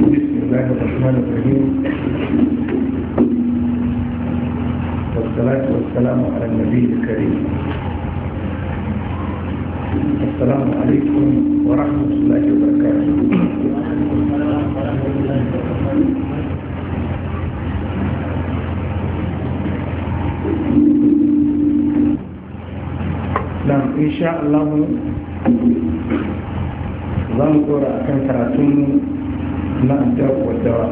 بسم الله الرحمن الرحيم والصلاة والسلام على النبي الكريم السلام عليكم ورحمة الله وبركاته نعم إن شاء الله ظنكر أكن تراتون na الداء والدواء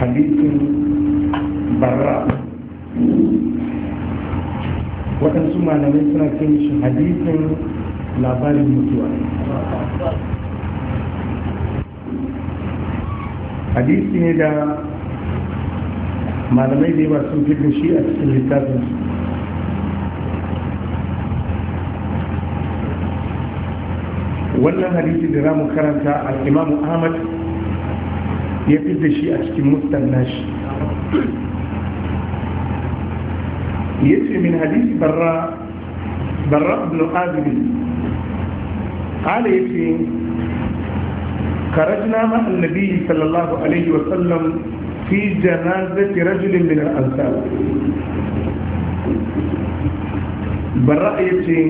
حديث براء waɗansu malamai suna kai shi hadisin labarin mutuwa hadisi ne da malamai da yawa sun fi shi a cikin littafinsu wannan hadisi da mu karanta al-imamu ahmad ya fi da shi a cikin mustan shi ya ce min hadisi barra barra ibn azumi ala ya ce karajna ma annabi sallallahu alaihi wa sallam fi janazati rajulin min al-ansar barra ya ce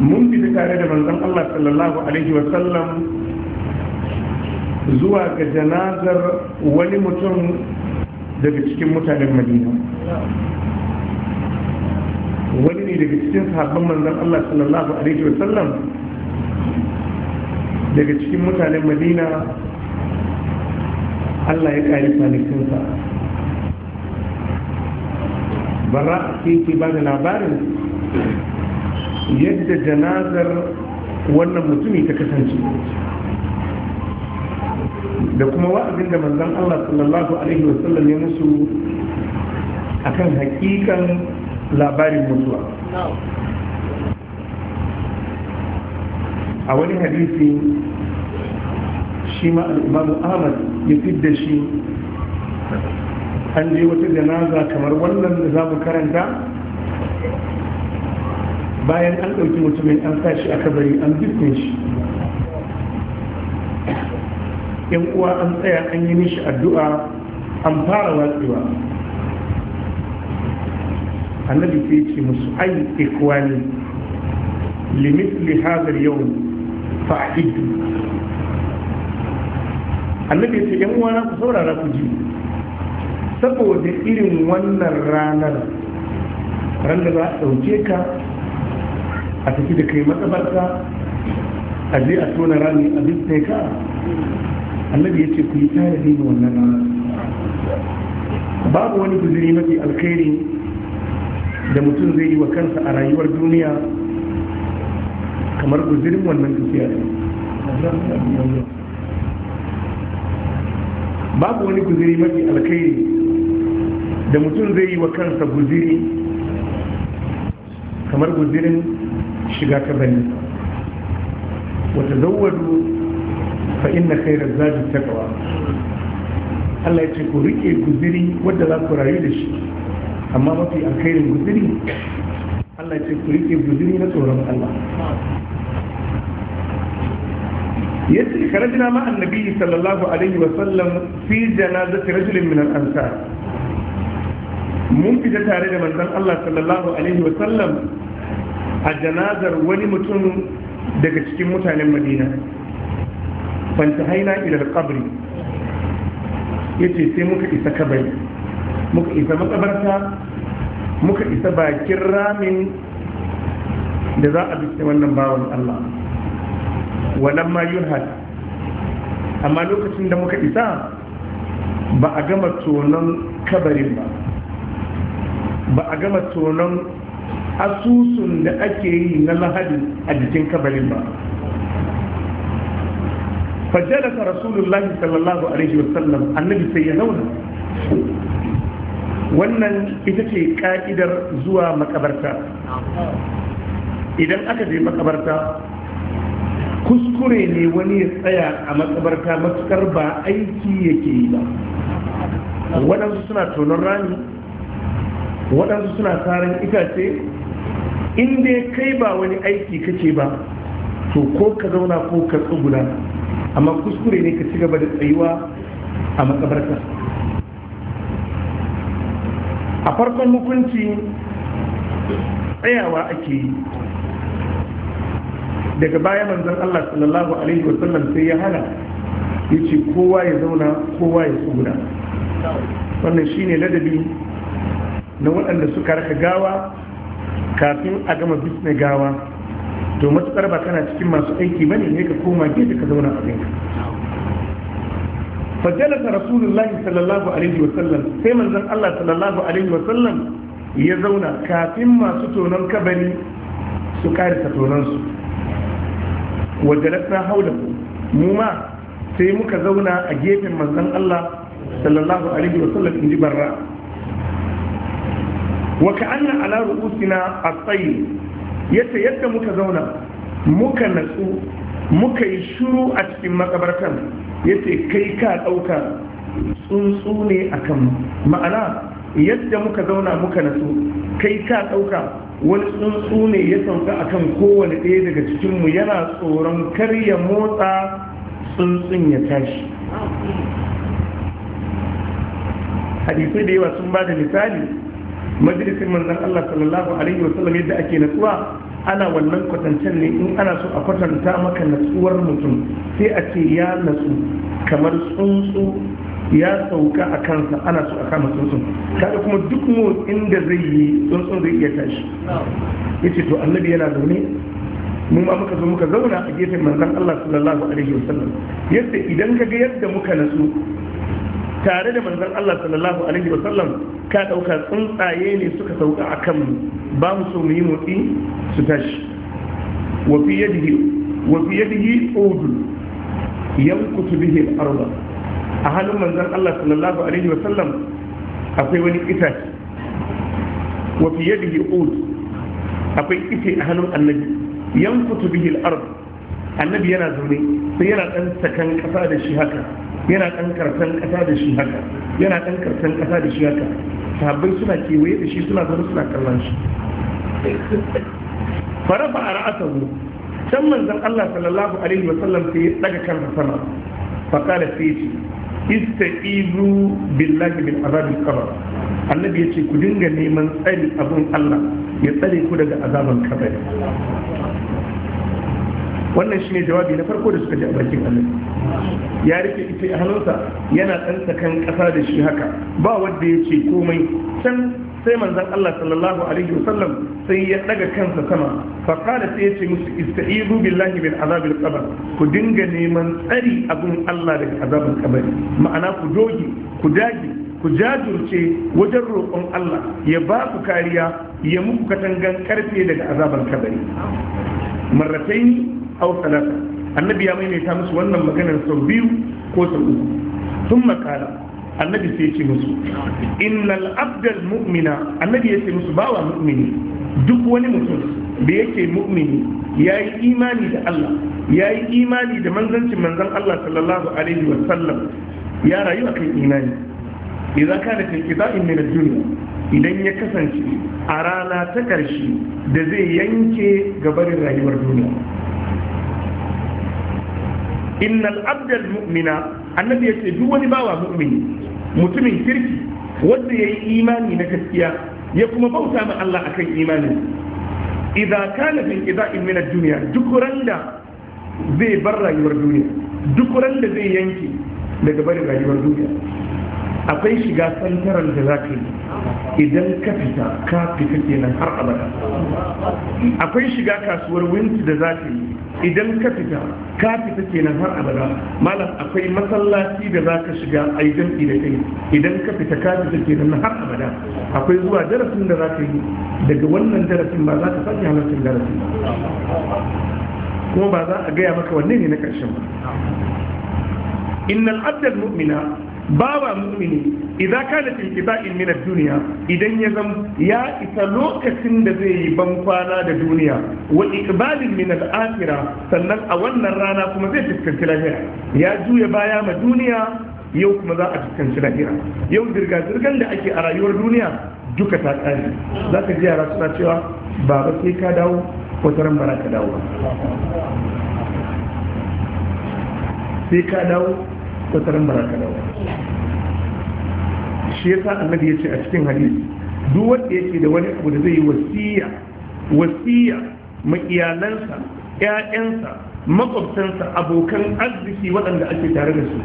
mun bi tare da manzon Allah sallallahu alaihi wa sallam zuwa ga janazar wani mutum daga cikin mutanen Madina wani ne daga cikin sahabban manzon Allah sallallahu alaihi wa sallam daga cikin mutanen Madina Allah ya kare kwanakinsa bara sai ki ba da labarin yadda janazar wannan mutumi ta kasance da kuma wa'azin da manzan Allah sallallahu alaihi wasallam ya musu akan hakikan labarin mutuwa a wani hadisi shi ma ahmad ya fidda shi an je wata janaza kamar wannan da za mu karanta bayan an ɗauki mutumin an sashi a kabari an bisne shi yan uwa an tsaya an yi nishi addu'a an fara watsewa annabi sai ce musu ai ikwani Limit hadar yau fa'idu annabi ya ce yan uwa na ku saurara ku ji saboda irin wannan ranar ran da za a ɗauke ka a tafi da kai matsabarta a je a tona rami a sai ka annabi ya ce ku yi tare da wannan rana babu wani guzuri mafi alkhairi da mutum zai yi wa kansa a rayuwar duniya kamar guzurin wannan tafiya babu wani guziri mafi alkhairi da mutum zai yi wa kansa guziri kamar guzirin shiga kabari wata zawadu fa inna khairar zaji takawa Allah ya ce ku rike guziri wadda za ku rayu da shi amma mafi alkhairin guziri Allah ya ce ku rike guziri na tsoron Allah ya ce karajina ma annabi sallallahu alaihi wa sallam fi janazati rajulin min al-ansar mun fita tare da manzon Allah sallallahu alaihi wa sallam a janazar wani mutum daga cikin mutanen madina fanta haina ilar kabri ya ce sai muka isa kabari muka isa matsabarta muka isa bakin ramin da za a bisne wannan bawan Allah wannan ma yunhad amma lokacin da muka isa ba a gama tonon kabarin ba ba a gama tonon asusun da ake yi na lahadi a jikin kabarin ba فجلس رسول sallallahu alaihi wasallam annabi sai ya zauna wannan ita ce ka'idar zuwa makabarta idan aka je makabarta kuskure ne wani ya tsaya a makabarta matukar ba aiki yake yi ba waɗansu suna tonon rami waɗansu suna tarin itace in dai kai ba wani aiki kake ba to ko ka zauna ko ka tsuguna amma kuskure ne ka ci gaba da tsayuwa a makabarta a farkon hukunci tsayawa ake yi daga baya manzon Allah sallallahu alaihi wasallam sai ya hana yace kowa ya zauna kowa ya tsuguna wannan shine ladabi na waɗanda suka raka gawa kafin a gama bisne gawa to matukar ba kana cikin masu aiki bane ne ka koma gefe ka zauna a ɗinka ta rasulullahi sallallahu alaihi wasallam sai manzon Allah sallallahu alaihi wasallam ya zauna kafin masu tonon kabari su karisa tonon su wajalasa haula mu ma sai muka zauna a gefen manzon Allah sallallahu alaihi wasallam in ji barra wa ka'anna ala ru'usina at yace yadda muka zauna muka natsu muka yi shuru a cikin makabartan yace kai ka dauka tsuntsu ne akan ma'ana yadda muka zauna muka natsu kai ka dauka wani tsuntsu ne ya sauka akan kowane ɗaya daga cikin mu yana tsoron kar ya motsa tsuntsun ya tashi hadisai da yawa sun ba da misali majalisin manzon Allah sallallahu alaihi wasallam yadda ake natsuwa ana wannan kwatancen ne in ana so a kwatanta maka natsuwar mutum sai a ce ya natsu kamar tsuntsu ya sauka a kansa ana so a kama tsuntsun kada kuma duk motsin da zai yi tsuntsu zai iya tashi yace to annabi yana zaune mu ma muka zo muka zauna a gefen manzon Allah sallallahu alaihi wasallam yadda idan ka ga yadda muka natsu tare da manzon Allah sallallahu alaihi wasallam ka dauka tsuntsaye ne suka sauka a mu ba mu so mu yi motsi su tashi wa fi yadihi wa fi yadihi udul yankutu bihi al-arda a halin manzon Allah sallallahu alaihi wasallam akwai wani itace wa fi yadihi ud akwai ite a hannun annabi yankutu bihi al-arda annabi yana zaune sai yana dan sakan kasa da shi haka yana ɗan karsan ƙasa da shi haka yana ɗan karsan ƙasa da shi haka sahabbai suna kewaye da shi suna zama suna kallon shi farafa a ra'asahu can manzon Allah sallallahu alaihi wa sallam sai ya daga kan sama fakala sai ce istaizu billahi min azabil qabr annabi yace ku dinga neman tsari abun Allah ya tsare ku daga azaban kabari wannan shi ne jawabi na farko da suka ji a bakin annabi ya rike ita a hannunsa yana ɗan tsakan ƙasa da shi haka ba wanda ya ce komai can sai manzon Allah sallallahu alaihi wasallam sai ya daga kansa sama fa qala sai ya ce musu istaeezu billahi min azabil qabr ku dinga neman tsari abun Allah daga azabin kabari ma'ana ku doge ku dage ku jajurce wajen roƙon Allah ya ba ku kariya ya muku katangan karfe daga azabar kabari marratayn aw salasa annabi ya maimaita musu wannan maganar sau biyu ko sau uku sun makala annabi sai ce musu innal abdal mu'mina annabi ya ce musu bawa mu'mini duk wani mutum da yake mu'mini ya yi imani da Allah ya yi imani da manzancin manzan Allah sallallahu alaihi wa sallam ya rayu a kan imani idan kana ta kida'in min dunya idan ya kasance a rana ta karshe da zai yanke gabarin rayuwar duniya innal abdal mu'mina annabi yace duk wani bawa mu'mini mutumin kirki wanda yayi imani na gaskiya ya kuma bauta ma Allah akan imanin idza kana fi ida'in min ad-dunya duk randa zai bar rayuwar duniya duk randa zai yanke daga barin rayuwar duniya akwai shiga santaran da za ka yi idan ka fita ka fita kenan har abada akwai shiga kasuwar winti da za ka yi idan ka fita ka fita kenan har abada malam akwai masallaci da za ka shiga a yi da kai idan ka fita ka fita kenan har abada akwai zuwa darasin da za ka yi daga wannan darasin ba za ka sake halartar darasin kuma ba za a gaya maka wanne ne na ƙarshen ba innal abdal mu'mina baba mu'mini idza kana fi qita'in min ad-dunya idan ya zam ya isa lokacin da zai yi bankwana da duniya wa iqbalin min al-akhirah sannan a wannan rana kuma zai fuskanci lahira ya juya baya ma duniya yau kuma za a fuskanci lahira yau dirga dirgan da ake a rayuwar duniya duka ta kare za ka ji yara suna cewa baba sai ka dawo wata ran bara ka dawo sai ka dawo wataran ba ka dawo shi yasa annabi ya ce a cikin hadisi duk wanda yake da wani abu da zai yi wasiya wasiya ma iyalansa ƴaƴansa makwabtansa abokan arziki waɗanda ake tare da su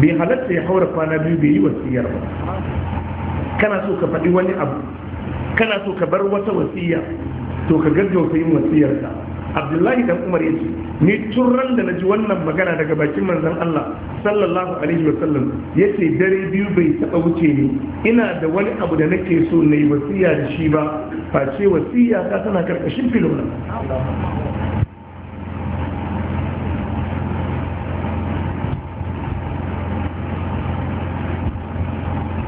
bai halatta ya haura kwana biyu bai yi wasiyar ba kana so ka faɗi wani abu kana so ka bar wata wasiya to ka gaggauta yin wasiyarka abdullahi dan umar yace ni turran da naji wannan magana daga bakin manzon Allah sallallahu alaihi wa sallam yace dare biyu bai taba wuce ni ina da wani abu da nake so nayi wasiya da shi ba face wasiya ta tana karkashin filona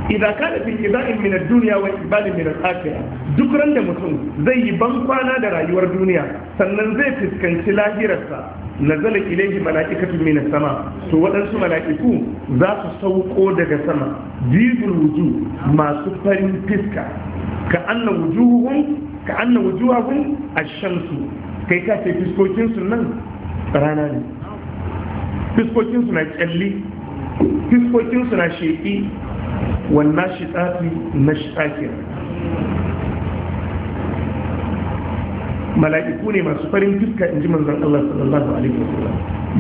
ka da fi iza'in min ad-dunya wa ibalin min al-akhirah duk ran da mutum zai yi ban kwana da rayuwar duniya sannan zai fuskanci lahirarsa nazala ilayhi mala'ikatu min as-sama to waɗansu mala'iku za su sauko daga sama jibul wuju masu farin fiska ka anna wujuhum ka anna wujuhahum ash-shamsu kai ka ce fiskokin su nan rana ne fiskokin su na kyalli fiskokin su na sheki wannan shi tsafi na shi tsakin mala'iku ne masu farin fuska in ji manzan Allah sallallahu alaihi wasallam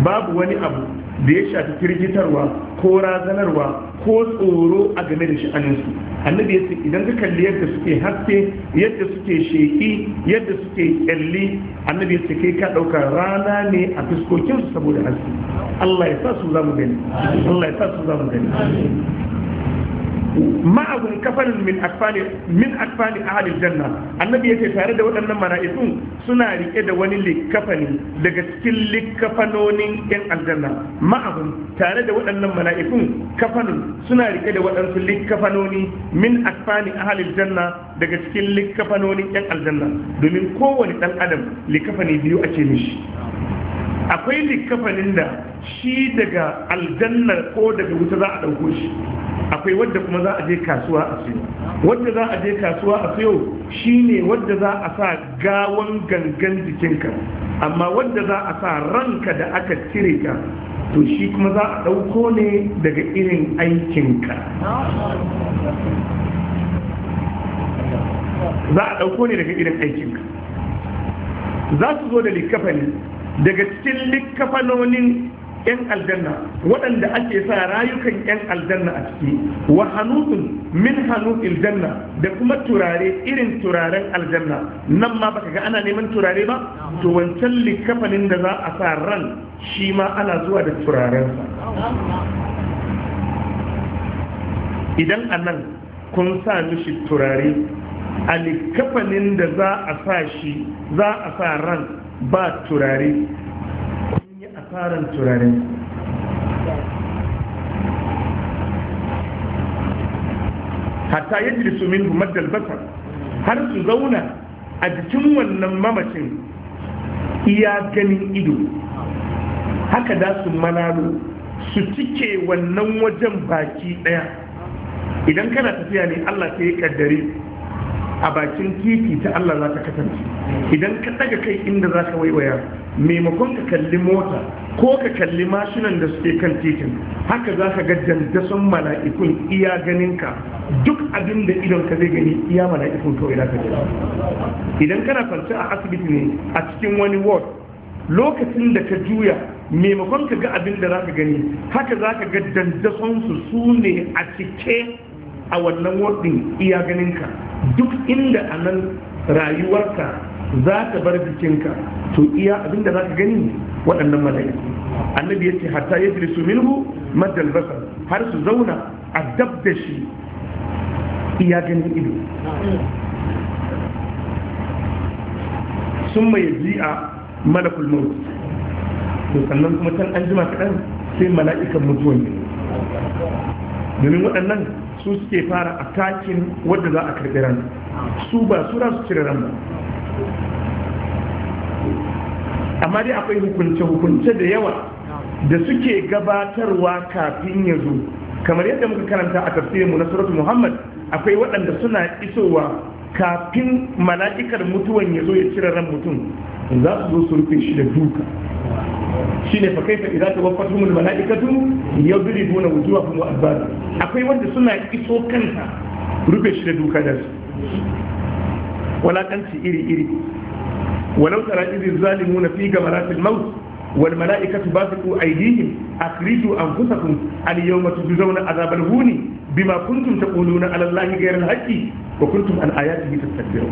babu wani abu da ya shafi firgitarwa ko razanarwa ko tsoro a game da sha'aninsu annabi ya ce idan ka kalli yadda suke haske yadda suke sheki yadda suke kyalli annabi ya ce kai ka ɗauka rana ne a fuskokinsu saboda haske Allah ya sa su za gani ma'ahum kafanin min akfani min janna annabi yace tare da waɗannan mara'isun suna rike da wani likafani daga cikin likafanonin yan aljanna ma'ahum tare da waɗannan mala'ikun kafanun suna rike da waɗansu likafanoni min akfani ahli janna daga cikin likafanonin yan aljanna domin kowane dan adam likafani biyu ake mishi akwai likafanin da shi daga aljannar ko daga wuta za a ɗauko shi akwai wadda kuma za a je kasuwa a siyo wadda za a je kasuwa a siyo shi ne wadda za a sa gawon gangan jikinka amma wadda za a sa ranka da aka cire ka to shi kuma za a ɗauko ne daga irin aikinka za a ɗauko ne daga irin aikinka za su zo da likafanin. daga cikin likkafanonin yan aljanna waɗanda ake sa rayukan yan aljanna a ciki wa hanutun min hanutil janna da kuma turare irin turaren aljanna nan ma baka ga ana neman turare ba to wancan likkafanin da za a sa ran shi ma ana zuwa da turaren idan a nan kun sa mishi turare a likkafanin da za a sa shi za a sa ran ba turare kun yi asaran turare. hatta ya jirisu min maddal basar har su zauna a jikin wannan mamacin iya ganin ido haka da su malalo su cike wannan wajen baki daya idan kana tafiya ne allah ta yi kaddare a bakin titi ta Allah za ta kasance idan ka daga kai inda za ka waiwaya maimakon ka kalli mota ko ka kalli mashinan da suke kan titin haka za ka ga dandason mala'ikun iya ganinka duk abin da idon ka zai gani iya mala'ikun kawai za ka gani idan kana kwance a asibiti ne a cikin wani ward lokacin da ka juya maimakon ka ga abin da za ka gani haka za ka ga dandason su su ne a cike a wannan wadin iya ganinka duk inda a nan rayuwarka za ta bar jikinka to iya abinda za ka gani waɗannan mala'iku annabi ya ce hatta yajlisu minhu madal basar har su zauna a dab da shi iya ganin ido sun mai ji a malakul maut to sannan kuma can an jima kaɗan sai mala'ikan mutuwan ne domin waɗannan su suke fara a takin wadda za a karbi ran su ba su su cire ran ba amma dai akwai hukunce-hukunce da yawa da suke gabatarwa kafin ya zo kamar yadda muka karanta a tafsirinmu na suratu muhammad akwai waɗanda suna isowa kafin mala'ikar mutuwan ya zo ya cire ran mutum za su zo su rufe shi da duka shi ne fakai fa idan tabar fatumul mala'ikatu ya biri bona wujuwa kuma albara akwai wanda suna iso kanta rufe shi da duka da su walakanci iri iri walau tara irin zalimuna fi gamaratil maut Wani mala'ikatu basitu aydihim akhriju anfusakum al yawma tujzauna azabal huni bima kuntum taquluna ala allahi ghayra al haqqi wa kuntum an ayatihi tastakbirun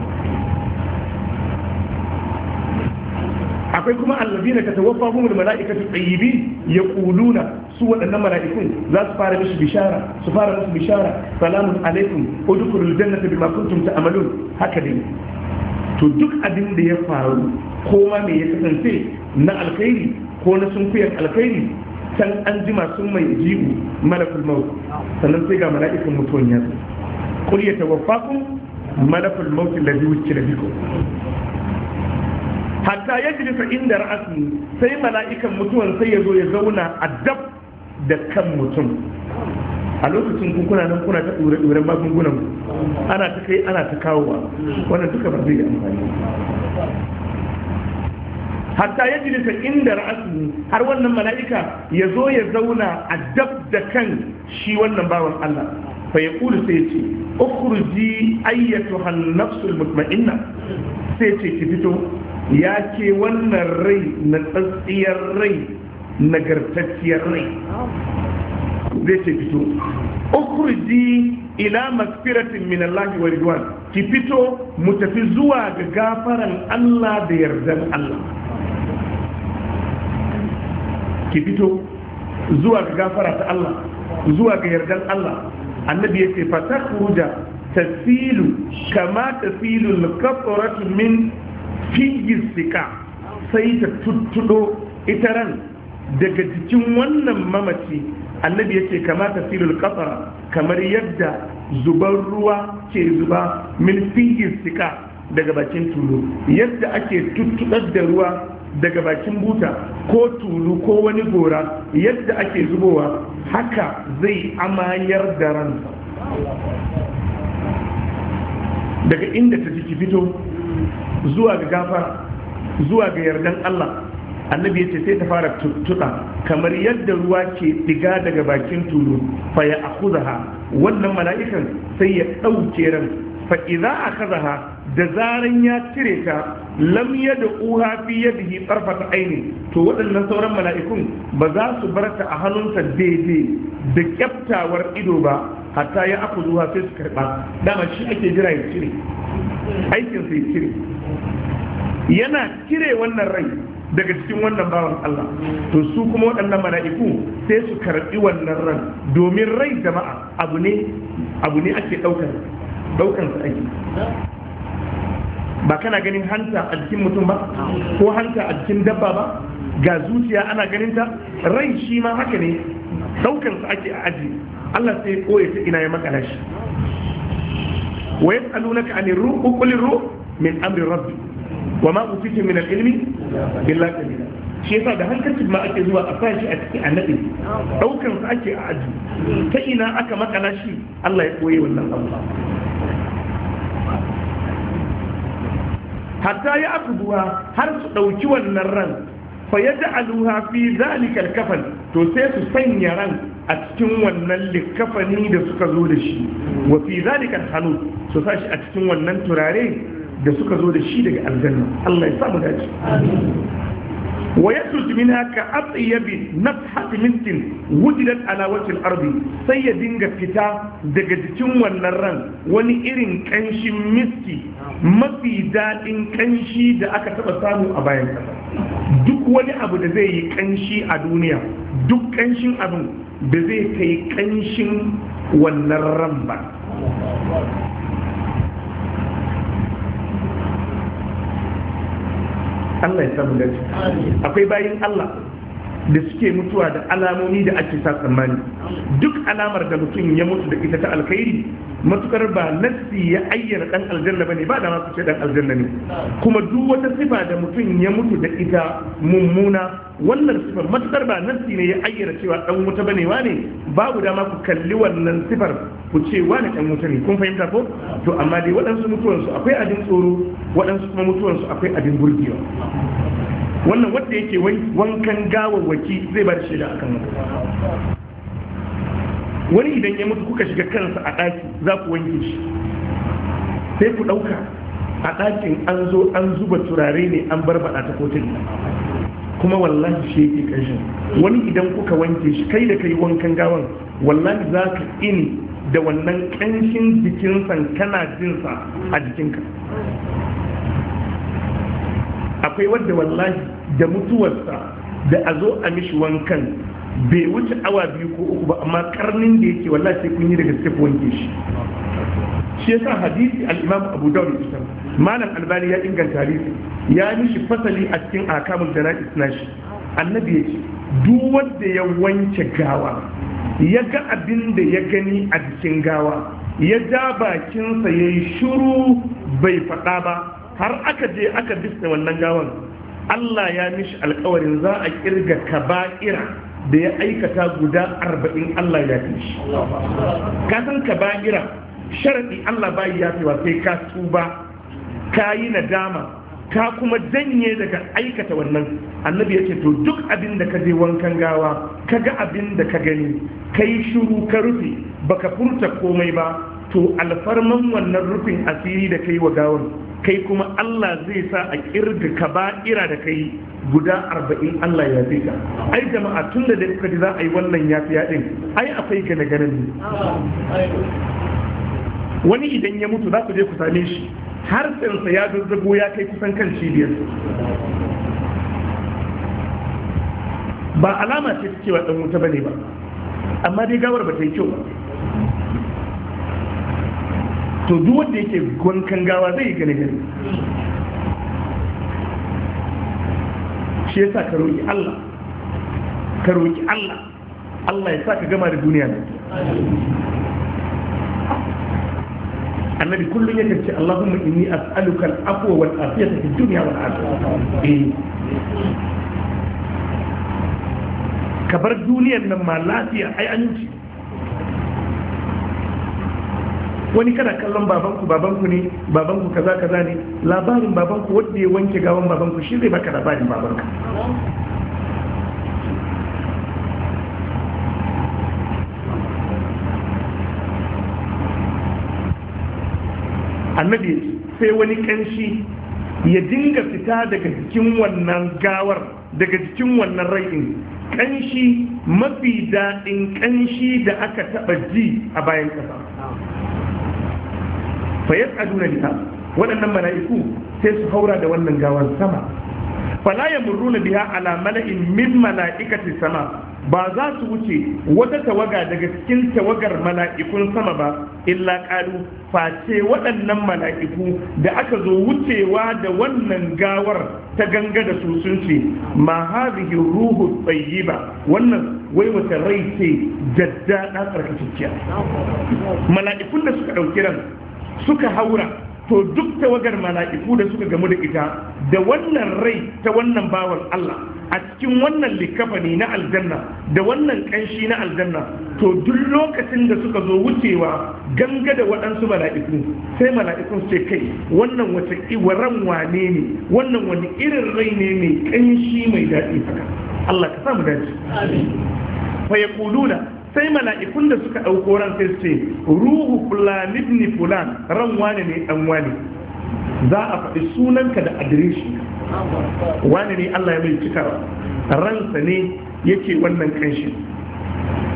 akwai kuma allazina tatawaffahum al mala'ikatu tayyibin yaquluna su waɗannan mala'ikun za su fara musu bishara su fara musu bishara salamun alaikum udkhulul jannata bima kuntum ta'malun haka dai to duk abin da ya faru ko ma me ya kasance na alkhairi ko na sunkuyar alkhairi san an ji sun mai jihu malakul maut sannan sai ga mala'ikan mutuwan ya zo kul ya tawaffakum malakul maut alladhi wukila bikum hatta yajlisa inda ra'asi sai mala'ikan mutuwan sai ya zo ya zauna a dab da kan mutum a lokacin kuna nan kuna ta dure duren magungunan ana ta kai ana ta kawo ba, wannan duka ba zai yi amfani hatta ya ta inda ra'asu har wannan mala'ika ya zo ya zauna a dabda kan shi wannan bawan Allah fa ya kulu sai ce ukhruji ayyatu nafsul mutma'inna sai ce ki fito ya ke wannan rai na tsatsiyar rai nagartacciyar rai zai ce fito ukhruji ila magfiratin min Allah wa ridwan ki fito mu tafi zuwa ga gafaran Allah da yardan Allah ki fito zuwa ga gafara ta Allah zuwa ga yardan Allah annabi yace fa takhruja tasilu kama tasilu al min fiyyisika sai ta tuttudo ita ran daga jikin wannan mamaci annabi yace kama tasirul qatar kamar yadda zuban ruwa ke zuba min fihi sika daga bakin tulu yadda ake tuttudar da ruwa daga bakin buta ko tulu ko wani gora yadda ake zubowa haka zai amayar da ransa daga inda ta ciki fito zuwa ga gafara zuwa ga yardan Allah annabi ya ce sai ta fara tuttuɗa kamar yadda ruwa ke diga daga bakin tulu fa ya akuzaha wannan mala'ikan sai ya ɗauke ran fa idza kazaha da zaran ya cire ta lam yad'uha fi yadihi tarfat aini to waɗannan sauran mala'ikun ba za su bar ta a hannunsa daidai da kyaftawar ido ba hatta ya akhudha sai su karba dama shi ake jira ya cire aikin sai cire yana kire wannan rai daga cikin wannan bawan Allah to su kuma waɗannan mala'iku sai su karɓi wannan ran domin rai jama'a abu ne abu ne ake ɗaukar ɗaukar su ake ba kana ganin hanta a jikin mutum ba ko hanta a cikin dabba ba ga zuciya ana ganin ta rai shi ma haka ne ɗaukar su ake a aji Allah sai koye ta ina ya makala shi wa yas'alunaka anir ruh qul ruh min amri rabbi wa ma utitu min al-ilmi illa kalila shi yasa da hankacin ma ake zuwa a fashi a cikin annabi daukan sa ake a aji ta ina aka makala shi Allah ya koye wannan abu hatta ya akubuwa har su dauki wannan ran fa yaj'aluha fi zalika kafan to sai su sanya ran a cikin wannan likafani da suka zo da shi wa fi zalika al su sa shi a cikin wannan turare da suka zo da shi daga aljanna Allah ya samu dace wa yakhruj minha ka atyab nafhat mintin wujidat ala wajhi al-ardi sai ya dinga fita daga jikin wannan ran wani irin kanshin miski mafi dadin kanshi da aka taba samu a bayan kasa duk wani abu da zai yi kanshi a duniya duk kanshin abin da zai kai kanshin wannan ran ba Allah ya samu dace akwai bayin Allah da suke mutuwa da alamomi da ake sa tsammani duk alamar da mutum ya mutu da ita ta alkhairi matukar ba nassi ya ayyana dan aljanna bane ba da ma kuce dan aljanna ne kuma duk wata sifa da mutum ya mutu da ita mummuna wannan sifar matukar ba nassi ne ya ayyana cewa dan wuta bane wane babu dama ku kalli wannan sifar ku ce wane dan wuta ne kun fahimta ko to amma dai waɗansu mutuwansu akwai abin tsoro waɗansu kuma mutuwansu akwai abin burgewa wannan wanda yake wankan waki zai ba da shaida akan haka wani idan ya mutu kuka shiga kansa a ɗaki za ku wanke shi sai ku ɗauka a ɗakin an zo an zuba turare ne an bar ta kotun kuma wallahi shi yake ƙarshen wani idan kuka wanke shi kai da kai wankan gawan wallahi za ka ini da wannan ƙanshin jikinsa kana jinsa a jikinka akwai wanda wallahi da mutuwarsa da a zo a mishi wankan bai wuce awa biyu ko uku ba amma karnin da yake wallahi sai kun yi daga gaske wanke shi shi yasa hadisi al-Imam Abu Dawud ita malam Albani ya inganta hadisi ya mishi fasali a cikin akamul janaiz nashi annabi yace duk wanda ya wanke gawa ya ga abin da ya gani a cikin gawa ya ja bakinsa ya yi shuru bai faɗa ba har aka je aka bisne wannan gawan Allah ya mishi alkawarin za a kirga kaba'ira da ya aikata guda arba'in Allah ya fi shi kasan kaba'ira sharaɗi Allah bai ya fi sai ka tuba ka yi nadama ka kuma janye daga aikata wannan annabi ya ce to duk abin da ka je wankan gawa ka ga abin da ka gani ka yi shuru ka rufe baka furta komai ba to alfarman wannan rufin asiri da kai wa gawar kai kuma Allah zai sa a kirga ka ba'ira da kai guda arba'in Allah ya fi ka ai jama'a tun da kuka ji za a yi wannan ya fi yaɗin ai akwai gane gane ne wani idan ya mutu za ku je ku same shi har tsansa ya zazzago ya kai kusan kan cibiyar ba alama ce cewa ɗan wuta bane ba amma dai gawar ba ta yi kyau ba to duk wanda yake gwankan gawa zai yi gane gani shi yasa ka roƙi Allah ka roƙi Allah Allah ya sa ka gama da duniya ne annabi kullum ya kace Allahumma inni as'aluka al-afwa wal afiyata duniya dunya wal akhirah eh. ka bar duniyar nan ma lafiya ai an yi wani kana kallon babanku babanku ne babanku kaza kaza ne labarin babanku wanda ya wanke gawan babanku shi zai baka labarin babanka annabi sai wani kanshi ya dinga fita daga jikin wannan gawar daga jikin wannan rai'in kanshi mafi daɗin kanshi da aka taɓa ji a bayan ƙasa fa aduna biha waɗannan mala'iku sai su haura da wannan gawar sama fala yamurruna biha ala mala'in min mala'ikati sama ba za su wuce wata tawaga daga cikin tawagar mala'ikun sama ba illa ƙalu face waɗannan mala'iku da aka zo wucewa da wannan gawar ta ganga da su sun ce ma hadhihi ruhu tayyiba wannan wai wata rai ce jaddada tsarkakakkiya mala'ikun da suka ɗauki ran suka haura to duk tawagar mala'iku da suka gamu da ita da wannan rai ta wannan bawan Allah a cikin wannan likafani na aljanna da wannan kanshi na aljanna to duk lokacin da suka zo wucewa ganga da waɗansu mala'iku sai mala'ikun ce kai wannan wace iwaran wane ne wannan wani irin rai ne mai kanshi mai daɗi haka Allah ka samu dace fa yaquluna sai mala'ikun da suka ɗauko ran sai ce ruhu fulani ibn fulan ran wani ne dan wani. za a faɗi sunanka da adireshi Wani ne Allah ya mai cikawa ransa ne yake wannan kanshi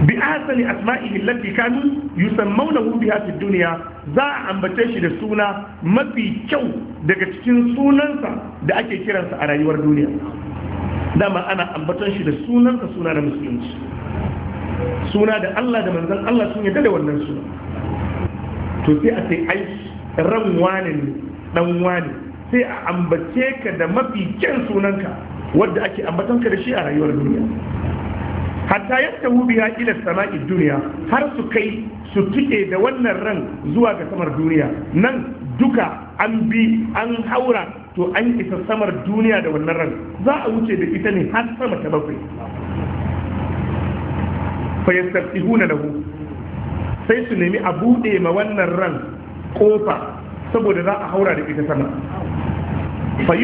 bi asali asma'ihi allati kanu yusammawnahu biha fi dunya za a ambace shi da suna mafi kyau daga cikin sunansa da ake kiransa a rayuwar duniya dama ana ambaton shi da sunansa suna na musulunci suna da Allah da manzan Allah sun yadda da wannan suna to sai a sai ai ran wane ne dan wane sai a ambace ka da mafi kyan sunanka wadda ake ambatanka da shi a rayuwar duniya hatta yadda hubiya ila sama'i duniya har su kai su tuke da wannan ran zuwa ga samar duniya nan duka an bi an haura to an isa samar duniya da wannan ran za a wuce da ita ne har sama ta bakwai fa yastaftihuna lahu sai su nemi a buɗe ma wannan ran kofa saboda za a haura da ita sama fa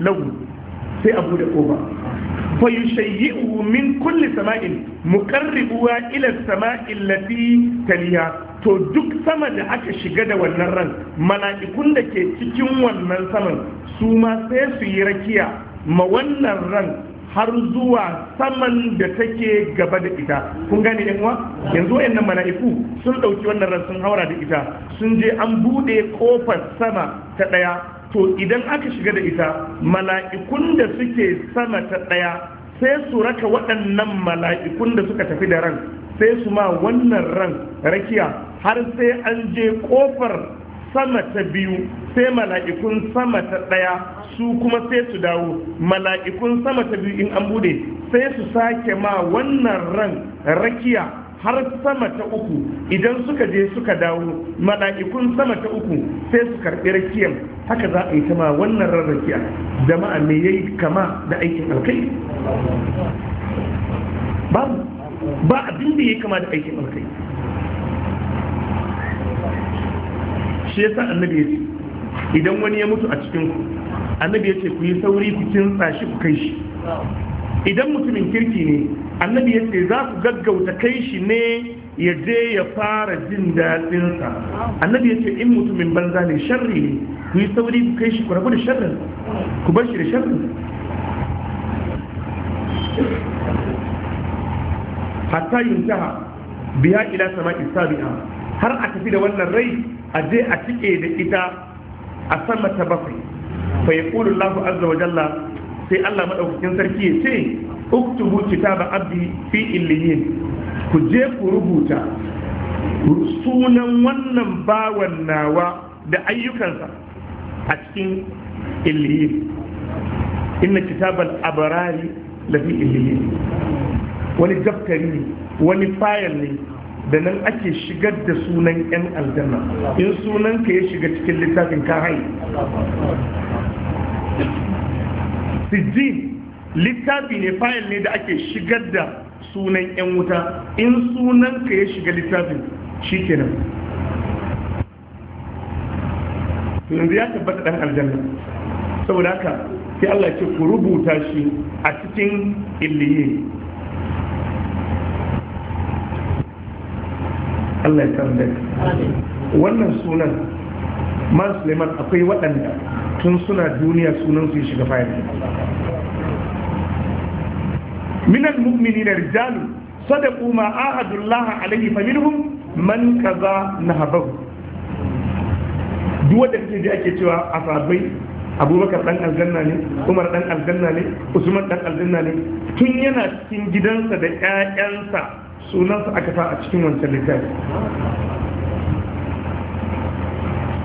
lahu sai a bude kofa fa min kulli sama'in muqarribuha ila sama'in lati taliya to duk sama da aka shiga da wannan ran mala'ikun da ke cikin wannan saman su ma sai su yi rakiya ma wannan ran har zuwa saman da take gaba da ita kun gane yan uwa yanzu wayannan mala'iku sun ɗauki wannan ran sun haura da ita sun je an bude kofar sama ta ɗaya to idan aka shiga da ita mala'ikun da suke sama ta ɗaya sai su raka waɗannan mala'ikun da suka tafi da ran sai su ma wannan ran rakiya har sai an je kofar sama ta biyu sai mala'ikun sama ta ɗaya su kuma sai su dawo mala'ikun sama ta biyu in an bude sai su sake ma wannan ran rakiya har sama ta uku idan suka je suka dawo mala'ikun sama ta uku sai su karɓi rakiyan haka za a yi ta ma wannan ran rakiya jama'a me yayi kama da aikin alkai ba abin da ya kama da aikin alkai shi yasa annabi yace idan wani ya mutu a cikin ku annabi yace ku yi sauri ku kin shi ku kai shi idan mutumin kirki ne annabi yace za ku gaggauta kai shi ne ya je ya fara jin daɗinsa annabi ya ce in mutumin banza ne sharri ne ku yi sauri ku kai shi ku rabu da sharrin ku bar shi da sharrin hatta yunta biya ila sama'i sabi'a har a tafi da wannan rai a je a cike da ita a sama ta bakwai fa yaqulu Allahu azza wa jalla sai Allah madaukakin sarki ya ce uktubu kitaba abdi fi illiyin ku je ku rubuta sunan wannan bawan nawa da ayyukansa a cikin illiyin inna kitabal abarari lafi illiyin wani daftari ne wani fayal ne da nan ake shigar da sunan 'yan aljanna in sunanka ya shiga cikin littafin ka hai sijjin littafi ne fayil ne da ake shigar da sunan 'yan wuta in sunanka ya shiga littafin shi kenan yanzu ya tabbata ɗan aljanna saboda haka sai Allah ce ku rubuta shi a cikin illiyin Allah ya tarar da wannan sunan man suleiman akwai waɗanda tun suna duniya sunan su shiga fayar minan mu'mini na rijalu sadaku ma laha alaihi fa minhum man kaza nahabahu duk wanda kake ji ake cewa a sabai abubakar dan aljanna ne umar dan aljanna ne usman dan aljanna ne tun yana cikin gidansa da ƴaƴansa sunansa aka sa a cikin wancan littafi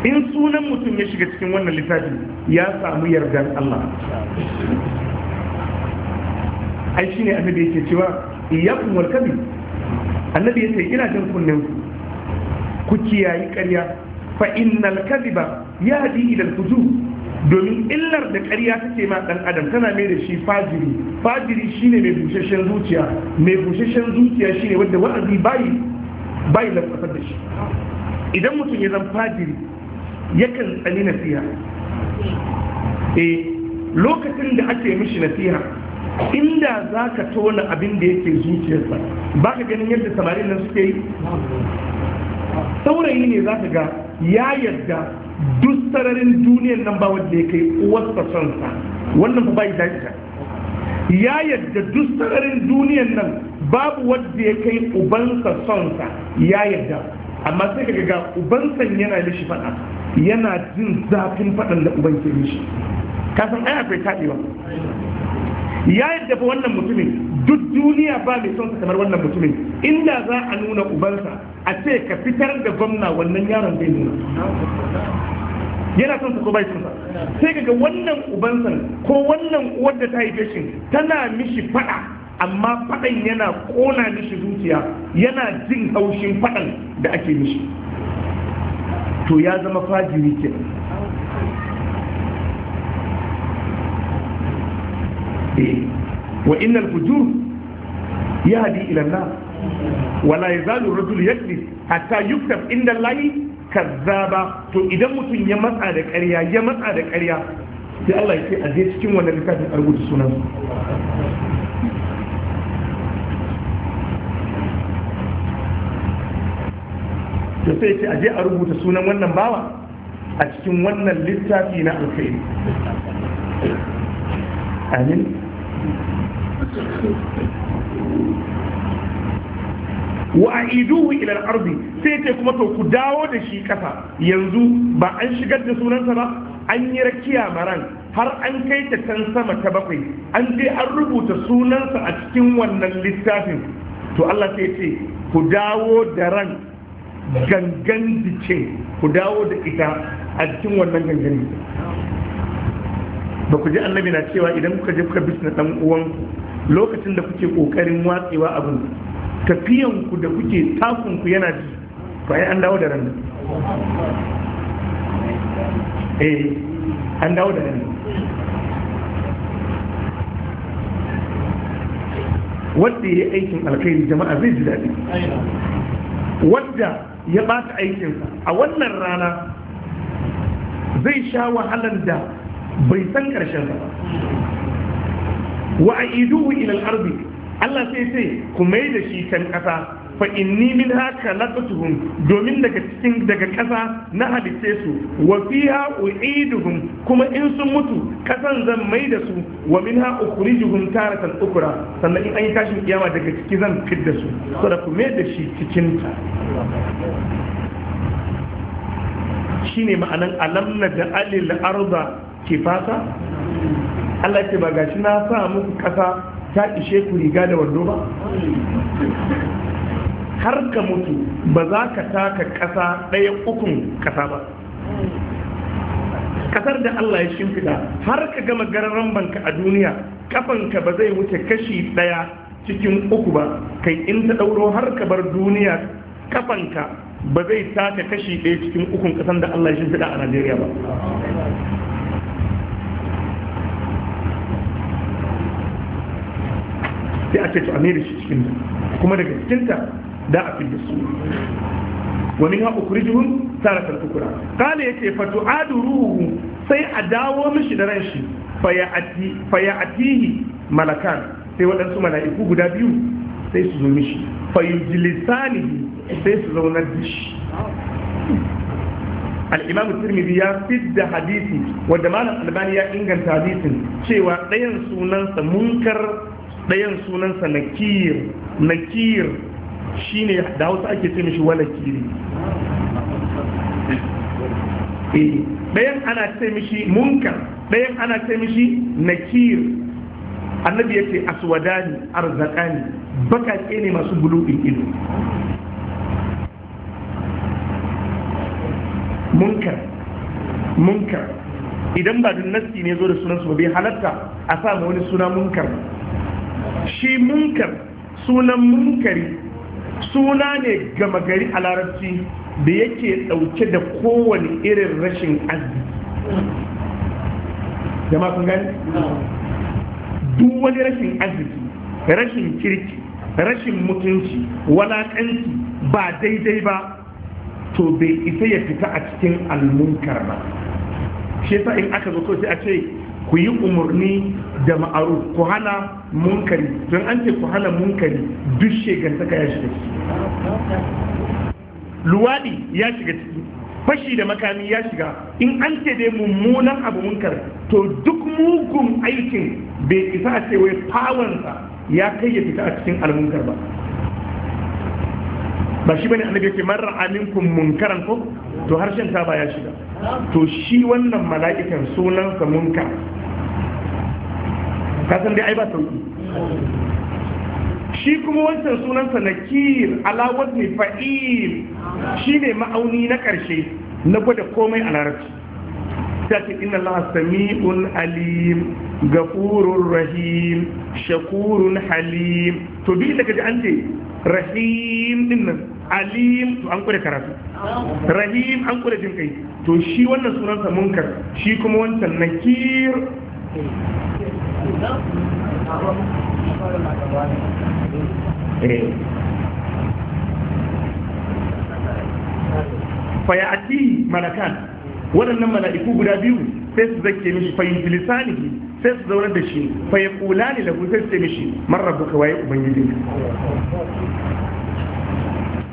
in sunan mutum ya shiga cikin wannan littafi ya samu yardar Allah ai shi ne annabi yake cewa kuma warkabi annabi yace ina jan kunnen ku ku kiyayi ƙarya fa innal kadhiba yahdi ila al-fujur domin illar da ƙarya take ma ɗan adam tana mai da shi fajiri fajiri shine mai busasshen zuciya mai busasshen zuciya shine wanda wa'azi bayi bayi lafafar da shi idan mutum ya zan fajiri yakan tsani nasiha eh lokacin da ake mishi nasiha inda za ka tona abin da yake zuciyarsa ba ka ganin yadda samarin nan suke yi saurayi ne za ka ga ya yarda duk sararin duniyar nan ba wanda ya kai uwarsa son sa wannan ba yi dace ya yarda duk sararin duniyar nan babu wanda ya kai ubansa son sa ya yarda amma sai ka ga ubansa yana mishi fada yana jin zafin fadan da uban ke mishi kasan ai akwai tadewa ya yarda fa wannan mutumin duk duniya ba mai son kamar wannan mutumin inda za a nuna ubansa a ce ka fitar da gwamna wannan yaron zai nuna yana son su bai son sai ga wannan ubansa ko wannan uwar da ta haife shi tana mishi fada amma fadan yana kona mishi zuciya yana jin haushin fadan da ake mishi to ya zama fajiri ke eh wa innal fujur yahdi ila an-nar wala yazalu ar-rajul yakdhib hatta yuktab inda Allah kazzaba to idan mutum ya matsa da ƙarya ya matsa da ƙarya sai Allah ya ce a je cikin wannan littafin a rubuta sunan to sai ce je a rubuta sunan wannan bawa a cikin wannan littafi na alkhairi amin wa a ila al-ardi sai ce kuma to ku dawo da shi kasa yanzu ba an shigar da sunansa ba an yi rakiya maran har an kai ta can sama ta bakwai an je an rubuta sunansa a cikin wannan littafin to Allah sai ce ku dawo da ran gangan dice ku dawo da ita a cikin wannan gangan ba ku ji annabi na cewa idan kuka je kuka bisna dan uwanku lokacin da kuke kokarin watsewa abin tafiyan ku da kuke takunku yana ji to an dawo da ran eh an dawo da ran wanda ya yi aikin alkhairi jama'a zai ji daɗi Wanda ya ɓata aikinsa a wannan rana zai sha wahalar da bai san ƙarshen ba wa a ila al-ardi Allah sai sai ku mai da shi kan kasa fa inni min haka laqatuhum domin daga cikin daga ƙasa na halitte su wa fiha u'iduhum kuma in sun mutu ƙasan zan mai da su wa minha tara taratan ukra sannan in an yi tashin kiyama daga ciki zan fidda su saboda ku mai da shi cikin ta shine ma'anan alam na da alil ke kifasa Allah ce ba gashi na sa muku ƙasa ta ishe ku riga da wando ba har ka mutu ba za ka taka ƙasa ɗaya ukun ƙasa ba ƙasar da Allah ya shimfiɗa har ka gama gararan banka a duniya kafanka ba zai wuce kashi ɗaya cikin uku ba kai in ta ɗauro har ka bar duniya kafanka ba zai taka kashi ɗaya cikin ukun ƙasan da Allah ya shimfiɗa a Najeriya ba sai a ceto shi cikin kuma daga cikinta da a fi su wa min ukhrijuhum taratan ukura qala yake fatu aduruhu sai a dawo mishi da ranshi fayati fayatihi malakan sai wadansu mala'iku guda biyu sai su zo mishi fayujlisani sai su zo na dishi al-imam tirmidhi ya fidda hadisi wadda malam albani ya inganta hadisin cewa ɗayan sunansa munkar ɗayan sunansa nakir nakir ne da hausa ake ce mishi wala kiri eh, ɗayan ana ce mishi munkar ɗayan ana ce mishi nakir annabi ya ce aswadani arzakani bakake ne masu buluɗin ido munkar munkar idan ba dun nassi ne zo da sunansu ba bai halatta a samu wani suna munkar shi munkar sunan munkari suna ne gama gari a larabci da yake dauke da kowane irin rashin arziki jama kun gani duk wani rashin arziki rashin kirki rashin mutunci walakanci ba daidai ba to bai isa ya fita a cikin almunkar ba shi yasa in aka zo sai a ce ku yi umarni da ma'aru ku hana munkari don an ce ku hana munkari duk saka ya shiga ciki luwaɗi ya shiga ciki fashi da makami ya shiga in an ce dai mummunan abu munkar to duk mugun aikin bai isa a ce wai fawansa ya kai ya fita a cikin almunkar ba ba shi bane annabi yake marar aminkum munkaran ko to harshen ta ba ya shiga to shi wannan mala'ikan sunansa munkar ka san dai ai ba sauki shi kuma wancan sunansa na nakir alawar ne fa'il shi ne ma'auni na ƙarshe na gwada komai a larabci ta ce inna Allah sami'un alim gafurun rahim shakurun halim to duk inda kaji an ce rahim din nan alim to an kuda karatu rahim an kuda jin kai to shi wannan sunansa munkar shi kuma wancan nakir Eh. fayati malakan waɗannan mala'iku guda biyu sai su zake mishi fayin filisani sai su zaunar da shi fayi kula ne lagu sai su mishi marar buka waye ubangijin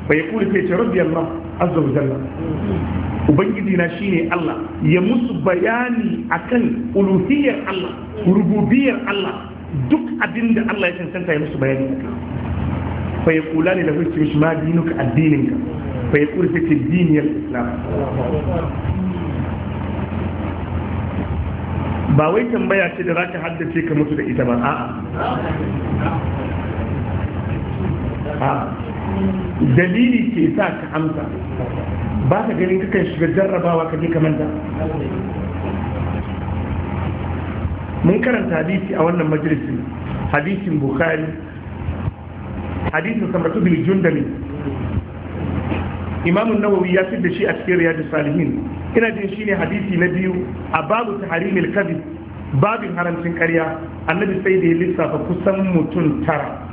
fayi kula sai ce rabbi allah azza wa jalla ubangiji na shine Allah ya musu bayani akan uluhiyar Allah rububiyar Allah duk abin da Allah ya cancanta ya musu bayani akan fa yaqula da lahu mishi ma dinuka addininka fa yaqul da diniyal na ba wai tambaya ce da zaka haddace ka mutu da ita ba a'a dalili ke sa ka amsa ba ka gani kakan shiga jarrabawa ka je ka manta mun karanta hadisi a wannan majalisin hadisin bukhari hadisin samratu bin jundami imamun nawawi ya da shi a cikin riyadu salihin ina jin shine hadisi na biyu a babu taharimil kadhib babin haramcin karya annabi sai da ya lissafa kusan mutum tara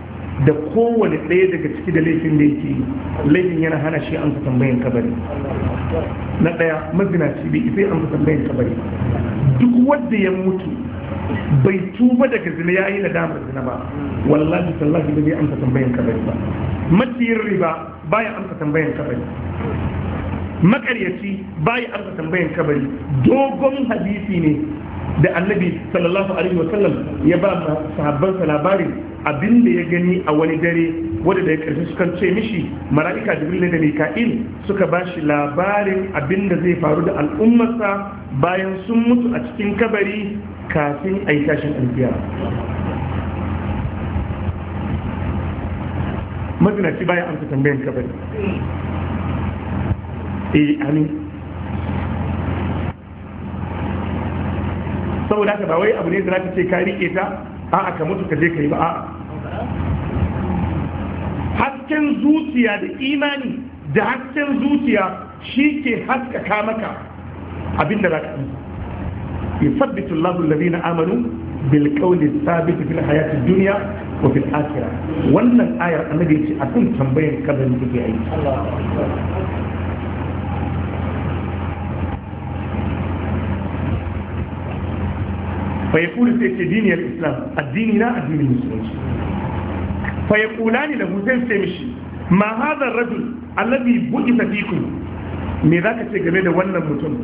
da kowane ɗaya daga ciki da laifin da yake laifin yana hana shi an tambayan kabari na ɗaya shi bai isa an tambayan kabari duk wanda ya mutu bai tuba daga zina ya yi nadamar zina ba wallahi tallahi ba zai amsa tambayan kabari ba Matiyar riba baya amsa tambayan kabari makaryaci baya amsa tambayan kabari dogon hadisi ne da annabi sallallahu alaihi wasallam ya ba sahabbansa labarin abin da ya gani a wani dare wanda ya karshe suka ce mishi mara'ika jibril da mika'il suka ba shi labarin abin da zai faru da al'ummarsa bayan sun mutu a cikin kabari kafin a yi tashin alfiya mazinaci bayan amsa tambayan kabari eh, saboda haka ba wai abu ne da za ka ce ka rike ta a'a ka mutu ka je ka yi ba a'a hasken zuciya da imani da hasken zuciya shi ke haskaka maka abin da za ka yi yusabbitu Allahu alladhina amanu bil qawli thabit fil hayati Duniya wa fil akira wannan ayar annabi yace akan tambayar kabarin da aiki fa ya kuli sai ce dini ya islam addini na addinin musulunci fa ya kula ni da hussein sai mishi ma hadar rajul allabi buɗi tafikun me za ka ce game da wannan mutum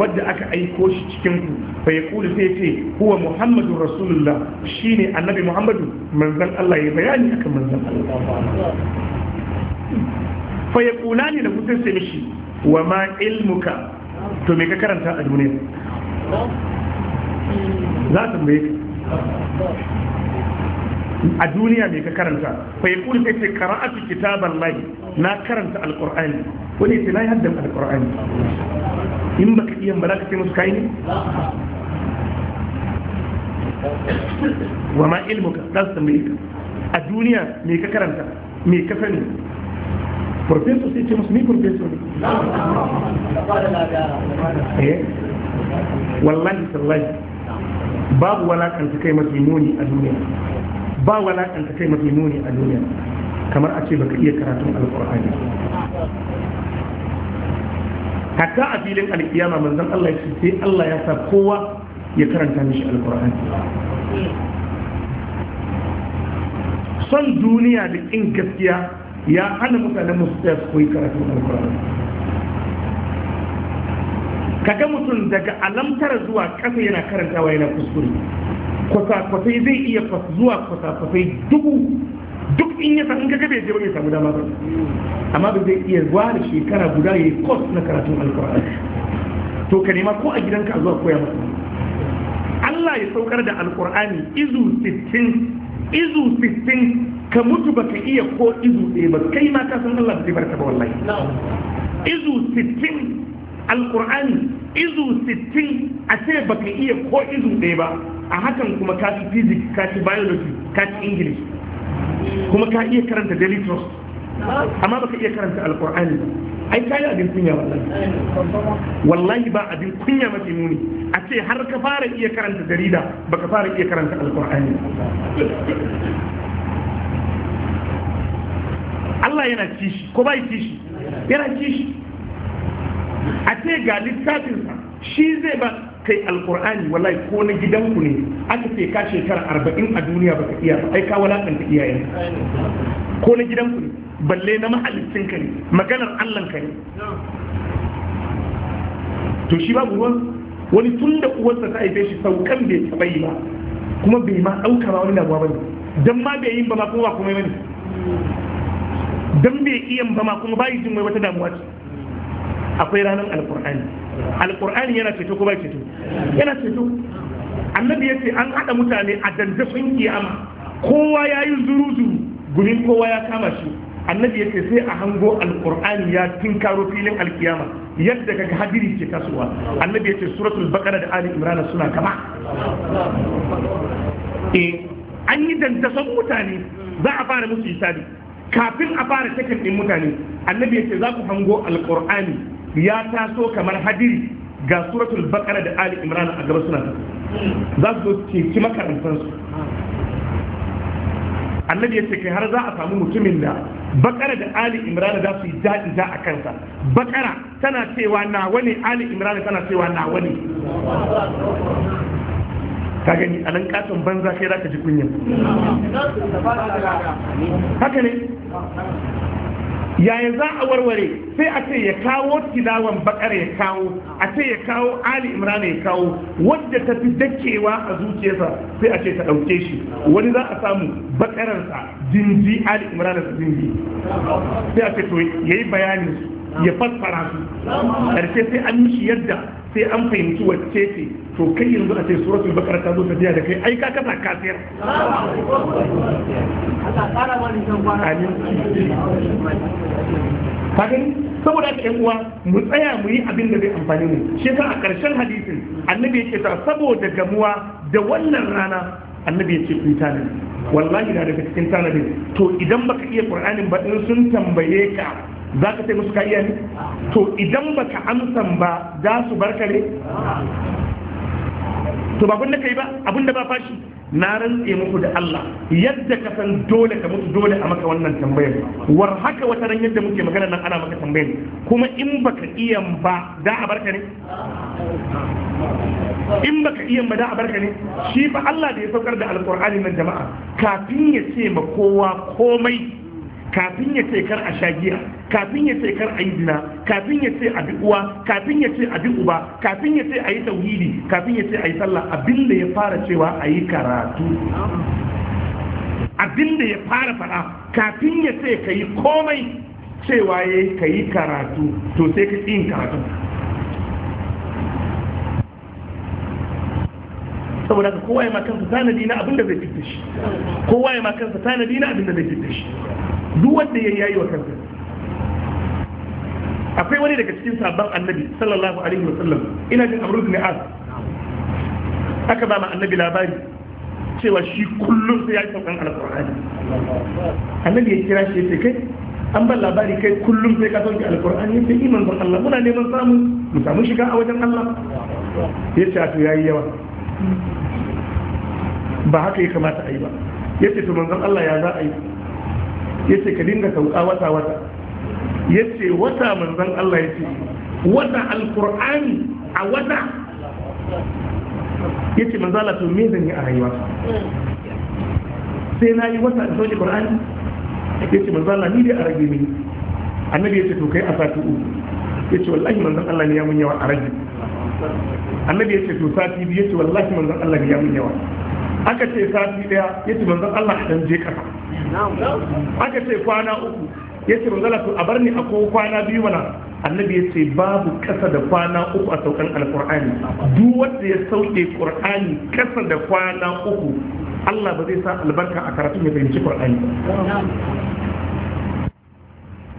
wadda aka aiko shi cikin ku fa ya kuli sai ce huwa muhammadu rasulullah shine annabi muhammadu manzan allah ya bayani akan manzan allah fa ya kula ni da hussein sai mishi wa ma ilmuka to me ka karanta a duniya za ta mai a duniya mai ka karanta fa yaqulu sai ce qara'atu kitaballahi na karanta alqur'ani wani ce na yadda alqur'ani in baka iya ba za ka ce musu kai ne wa ma ilmuka za su tambaye ka a duniya mai ka karanta mai ka sani profesor sai ce musu ni profesor ne eh? wallahi sallahi babu walakanta kai mafi muni a duniya ba walakanta kai mafi muni a duniya kamar a ce baka iya karatun alkur'ani hatta a filin alkiyama manzon Allah ya sai Allah ya sa kowa ya karanta mishi alkur'ani son duniya da in gaskiya ya hana mutanen musu su koyi karatun alkur'ani kaga mutum daga alamtar zuwa ƙasa yana karantawa yana kuskure kwasa-kwasai zai iya zuwa kwasa-kwasai dubu duk in ya san gaga bai je ba ya samu dama ba amma ba zai iya ware shekara guda ya yi kos na karatun alkur'ani to ka nema ko a gidanka a zuwa koya masa Allah ya saukar da alkur'ani izu 60 izu 60 ka mutu baka iya ko izu ɗaya ba kai ma ka san Allah zai barka ba wallahi izu 60 alkur'ani izu sittin a ce baka iya ko izu ɗaya ba a hakan kuma ka fi physics ka fi biology ka fi english kuma ka iya karanta daily trust amma baka iya karanta alkur'ani ai kayi abin kunya wallahi wallahi ba abin kunya mafi muni a ce har ka fara iya karanta jarida baka fara iya karanta alkur'ani Allah yana kishi ko bai kishi yana kishi a ce ga littafinsa shi zai ba kai alkur'ani wallahi ko na gidanku ne aka ce ka shekara arba'in a duniya ba ka iya ba ai ka walakanta iyayen ko na gidanku ne balle na mahalicin ka ne maganar allan ka ne to shi babu ruwan wani tun da uwarsa ta haife shi saukan bai taɓa yi ba kuma bai ma ɗauka ba wani damuwa ba ne dan ma bai yi ba ma kuma ba kuma ba ne dan bai iya ba ma kuma ba yi jin wai wata damuwa ce akwai ranar alkur'ani alkur'ani yana ceto ko bai ceto yana ceto annabi ya ce an haɗa mutane a dandafin kiyama kowa ya yi zuru-zuru kowa ya kama shi annabi ya ce sai a hango alkur'ani ya tinkaro filin alkiyama yadda kaga hadiri ke tasowa annabi ya ce suratul bakara da ali imran suna kama eh an yi dandafin mutane za a fara musu hisabi kafin a fara takan ɗin mutane annabi ya ce za ku hango alkur'ani ya taso kamar hadiri ga suratul bakara da ali imran a gaba suna za su zo ceci makarantarsu annabi ya ce kai har za a samu mutumin da bakara da ali imran za su yi daɗi za a kansa bakara tana cewa na wani ali imran tana cewa na wani ka gani a nan katon banza kai za ka ji kunya haka ne yaya za a warware sai a ce ya kawo tilawan bakar ya kawo a ce ya kawo ali imran ya kawo wadda ta fi dakewa a zuciyarsa sai a ce ta ɗauke shi wani za a samu bakararsa jinji ali imran da jinji sai a ce to yayi bayanin su ya fassara su karshe sai an mishi yadda sai an fahimci wacce ce to kai yanzu a ce suratul bakara ta zo ta jiya da kai ai ka kasa kasiyar saboda ka uwa mu tsaya mu yi abin da zai amfani mu shi a ƙarshen hadisin annabi ya ce ta saboda gamuwa da wannan rana annabi ya ce kun tanadi wallahi na daga cikin tanadin to idan baka iya qur'anin ba in sun tambaye ka za ka taimaka ka iya ne to idan baka amsan ba za su barka ne to ba kun da kai ba abin da ba fashi na rantse muku da Allah yadda ka san dole ka mutu dole a maka wannan tambayar war haka wata ran yadda muke magana nan ana maka tambayar kuma in baka iya ba da a barka ne in baka iya ba da a barka ne shi ba Allah da ya saukar da alqur'ani nan jama'a kafin ya ce ma kowa komai kafin ya ce kar a sha giya kafin ya ce kar a yi zina kafin ya ce a bi uwa kafin ya ce a bi uba kafin ya ce a yi tauhidi kafin ya ce a yi sallah abin da ya fara cewa a yi karatu abin da ya fara fara kafin ya ce ka yi komai cewa ya ka yi karatu to sai ka yi karatu saboda ka kowa ya makansa tanadi na abin da zai fitta shi kowa ya makansa tanadi na abin da zai fitta shi duk wanda ya yayi wa kansa akwai wani daga cikin sabon annabi sallallahu alaihi wa sallam ina jin amru ne az aka ba ma annabi labari cewa shi kullum sai ya yi sabon al'ƙur'ani, annabi ya kira shi ya kai an ban labari kai kullum sai ka sauke alkur'ani sai iman san Allah muna neman samu mu samu shiga a wajen Allah ya ce to yayi yawa ba haka ya kamata a yi ba ya ce to manzon Allah ya za a yi yace ka dinga sauka wata wata yace wata manzon Allah yace wata alqur'ani a wata yace manzala Allah to me zan yi a rayuwa sai na yi wata sauke qur'ani yace manzala Allah ni dai a rage mini annabi yace to kai a sati uku yace wallahi manzon Allah ne ya mun yawa a rage annabi yace to sati biyu yace wallahi manzon Allah ne ya mun yawa aka ce sati daya ya ce manzan Allah a je kasa aka ce kwana uku ya ce manzan Allah a bar ni a kwana biyu mana annabi ya ce babu kasa da kwana uku a saukan alkur'ani duk wanda ya sauke qur'ani kasa da kwana uku Allah ba zai sa albarka a karatun ya fahimci qur'ani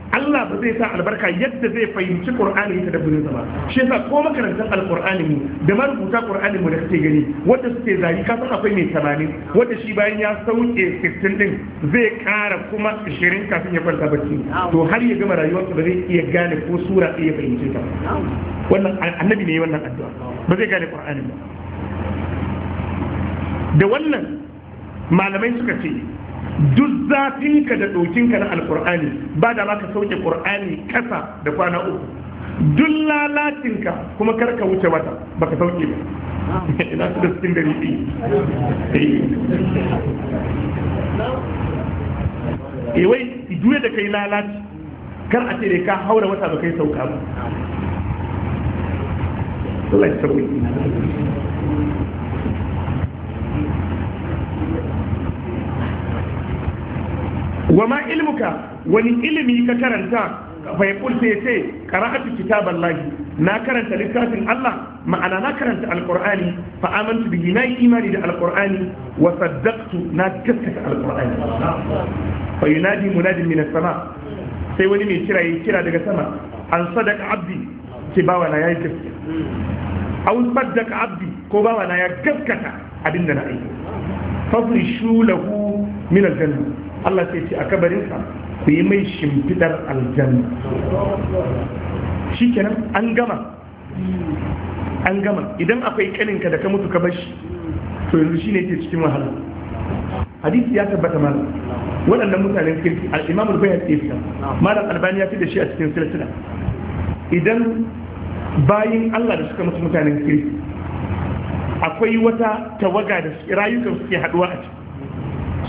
Allah ba zai sa albarka yadda zai fahimci Qur'ani ta da sa ba shi yasa ko makarantar alqur'ani mu da marubuta Qur'ani mu da kake gani wanda suke zari ka san akwai mai 80 wanda shi bayan ya sauke 15 din zai kara kuma 20 kafin ya kwanta bacci to har ya gama rayuwarsa ba zai iya gane ko sura ɗaya fahimci. ta wannan annabi ne wannan addu'a ba zai gane Qur'ani ba da wannan malamai suka ce duk zafinka da ka na alƙur'ani ba da ka sauke ƙur'ani ƙasa da kwana uku duk lalacinka kuma karka wuce wata baka sauke ba ina su da cikin gari ɗi eh. eh, wai juya da kai lalaci kar a ce ka haura wata ba kai sauka ba Allah ya tabbata wa ma ilmuka wani ilimi ka karanta bai kulta ya ce qara'atu lahi na karanta littafin Allah ma'ana na karanta alqur'ani fa amantu bihi na imani da alqur'ani wa saddaqtu na gaskata alqur'ani fa yunadi munadin min as-sama sai wani mai kira yi kira daga sama an sadaka abdi ce bawa na yayi gaskiya aw saddaka abdi ko bawa na ya gaskata abinda na aiki fa shulahu min aljanna Allah sai ce a kabarinsa ku yi mai shimfidar aljanna shikenan an gama an gama idan akwai kaninka da ka mutu ka bashi to yanzu shine ke cikin wahala hadisi ya tabbata mana waɗannan mutanen kirki al-imam al-bayhaqi fita malam albani ya fi da shi a cikin silsila idan bayin Allah da suka mutu mutanen kirki akwai wata tawaga da rayukan suke haduwa a ciki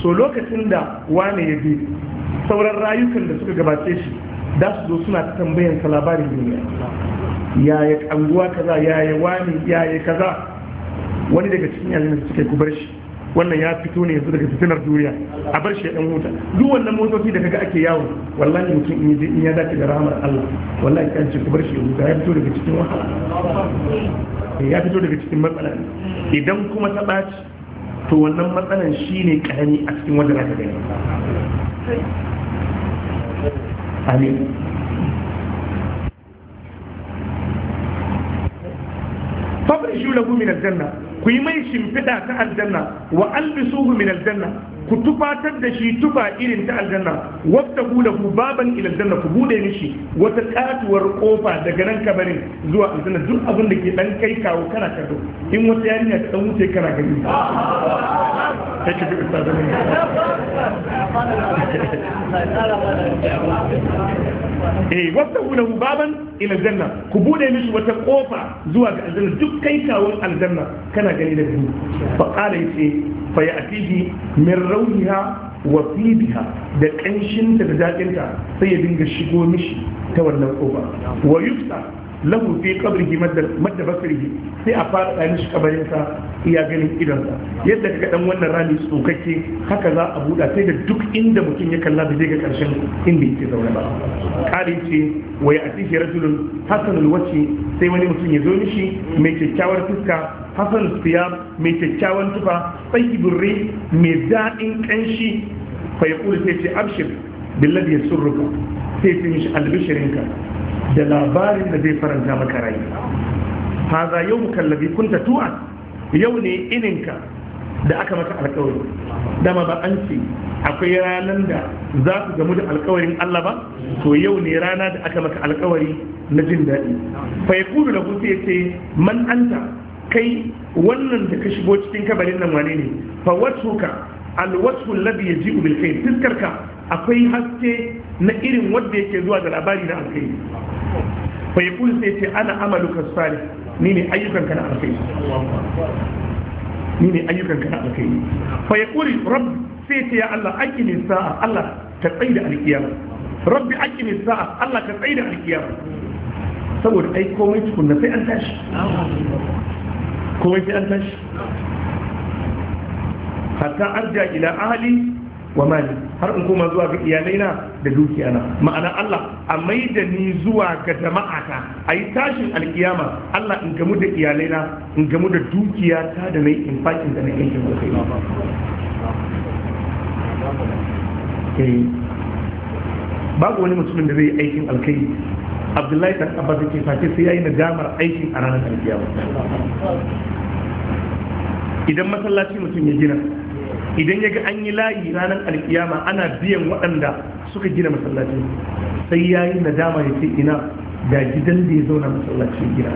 so lokacin da wane ya bi sauran rayukan da suka gabace shi da su zo suna ta tambayan sa labarin duniya yaya kanguwa kaza yaya wani yaya kaza wani daga cikin yanzu suke ku bar shi wannan ya fito ne yanzu daga fitinar duniya a bar shi ya dan huta duk wannan motoci da kaga ake yawo wallahi mutum in je in ya dace da rahmar Allah wallahi kan ce ku bar shi yanzu huta ya fito daga cikin wahala ya fito daga cikin matsala idan kuma ta ɓaci to wannan matsalan shi ne karami a cikin wanda za ta gani amin fafin lagu min aljanna ku yi mai shimfiɗa ta aljanna wa albisuhu min aljanna ku tufatar da shi tufa irin ta aljanna wata da ku baban ila ku bude mishi wata katuwar kofa daga nan kabarin zuwa aljanna duk abin da ke dan kai kawo kana kado in wata yarinya ta dan wuce kana gani ta ce duk ustazan ne eh wata da ku baban ila aljanna ku bude mishi wata kofa zuwa ga aljanna duk kai kawon aljanna kana gani da ku fa qala yace fa min rawhiha wa fidiha da kanshinta da daɗinta sai ya dinga shigo mishi ta wannan ƙofa wa yufta lahu fi qabrihi madda basrihi sai a fara da mishi kabarin iya ganin idan sa yadda kaga dan wannan rami tsokake haka za a buɗa sai da duk inda mutum ya kalla da zai ga karshen inda yake zaune ba kare ce wa ya'tihi rajulun hasanul wajhi sai wani mutum ya zo mishi mai kyakkyawar fuska hasan siyam mai kyakkyawan tufa tsayibin rai mai daɗin ƙanshi fa ya kula sai ce abshir ya yasurruka sai ce mishi albishirinka da labarin da zai faranta maka rai haza yau mukallabi kunta tu'a yau ne ininka da aka maka alkawari dama ba an ce akwai ranar da za ku gamu da alkawarin Allah ba to yau ne rana da aka maka alkawari na jin daɗi fa ya kudu da kusa ce man anta kai wannan da ka shigo cikin kabarin nan wane ne fa wasuka alwasu alladhi yaji'u bil khair fiskarka akwai haske na irin wanda yake zuwa da labari na alkhairi fa ya kuli sai ce ana amaluka salih ni ne ayyukanka na alkhairi ni ne ayyukanka na alkhairi fa ya kuli rabb sai ce ya Allah aqimi sa'a Allah ka tsaida alkiyama rabbi aqimi sa'a Allah ka tsaida alkiyama saboda ai komai tukunna sai an tashi kuma fi an tashi hatta arja ila ahli wa mali har in koma zuwa ga iyalaina da dukiyana ma'ana Allah a maida ni zuwa ga jama'ata a yi tashin alkiyama Allah in gamu da iyalaina in gamu da dukiyata da mai in infakin da na yankin da kai eh, babu wani mutumin da zai yi aikin alkai abdullahi ta abbas yake face sai ya na nadamar aikin a ranar alkiyama idan masallaci mutum ya gina idan ya ga an yi layi ranar alkiyama ana biyan waɗanda suka gina masallaci sai ya yi nadama ya ce ina ga gidan da ya zauna masallaci gina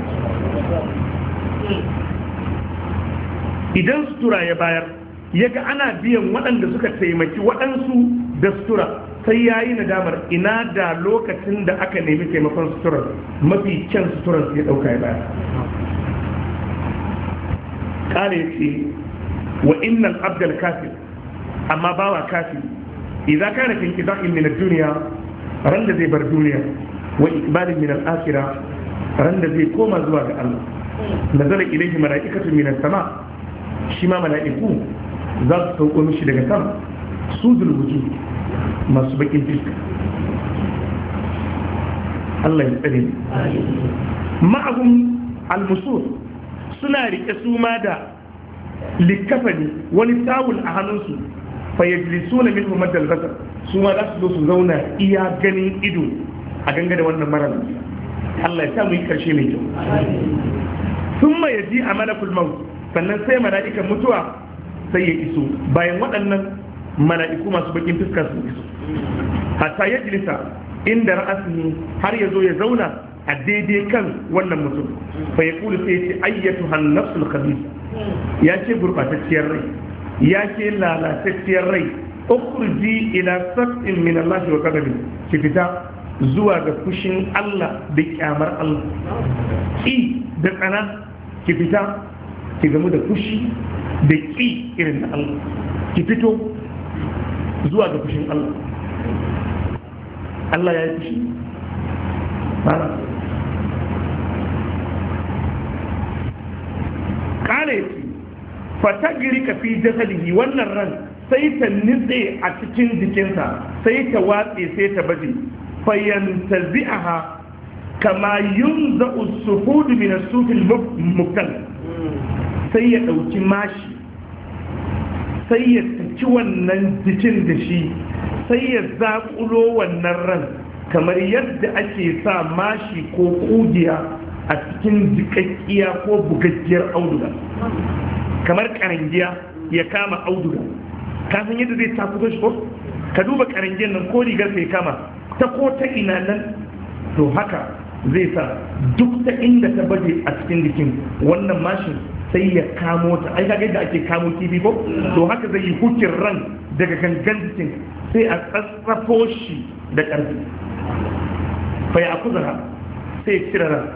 idan sutura ya bayar ya ga ana biyan waɗanda suka taimaki waɗansu da sutura sai ya yi nadamar ina da lokacin da aka nemi taimakon suturar mafi kyan suturar ya ɗauka ya baya ƙara ya ce wa innan abdal kafir amma bawa kafir idan kana fin kiza'in min duniya ran da zai bar duniya wa ikbalin min al-akhira ran da zai koma zuwa ga Allah nazala ilayhi mala'ikatu min as-sama shi ma mala'iku za su sauko mishi daga sama sudul wujud masu bakin fiska Allah ya tsare ma'ahum almusur suna rike su ma da likafani wani tawul a hannunsu fa yajlisuna minhu madal basar su ma za su zo su zauna iya ganin ido a ganga da wannan mara Allah ya sa mu yi karshe mai kyau sun ma yaji a malakul maut sannan sai mala'ikan mutuwa sai ya iso bayan waɗannan mala'iku masu bakin fuska sun iso hatta ya jilisa inda ra'asini har ya zo ya zauna a daidai kan wannan mutum fa ya kulu sai ce ayyatu hannafsul khabisa ya ce gurbatacciyar rai ya ce lalatacciyar rai ukhruji ila sab'in min Allah wa qadabi ki fita zuwa ga fushin Allah da kyamar Allah ki da tsana ki fita ki gamu da fushi da ki irin Allah ki fito zuwa ga fushin Allah Allah ya yi fushi kare Fata fatagiri ka fi jasadihi wannan ran sai ta nitse a cikin jikinsa sai ta watse sai ta baje fayantazi'aha kama yunza'u suhudu min sufin sufil sai ya ɗauki mashi sai ya ci wannan jikin da shi sai ya zaƙulo wannan ran kamar yadda ake sa mashi ko ƙugiya a cikin jikakkiya ko bugajiyar auduga kamar karangiya ya kama auduga ka san yadda zai tafi shi ka duba karangiyar nan ko rigar sai kama ta ko ta ina nan to haka zai sa duk ta inda ta baje a cikin jikin wannan mashin sai ya kamo ta ai kaga yadda ake kamo kifi ko to haka zai yi hukin ran daga gangan cikin sai a tsatsafo shi da ƙarfi fa ya akuzara sai cire ran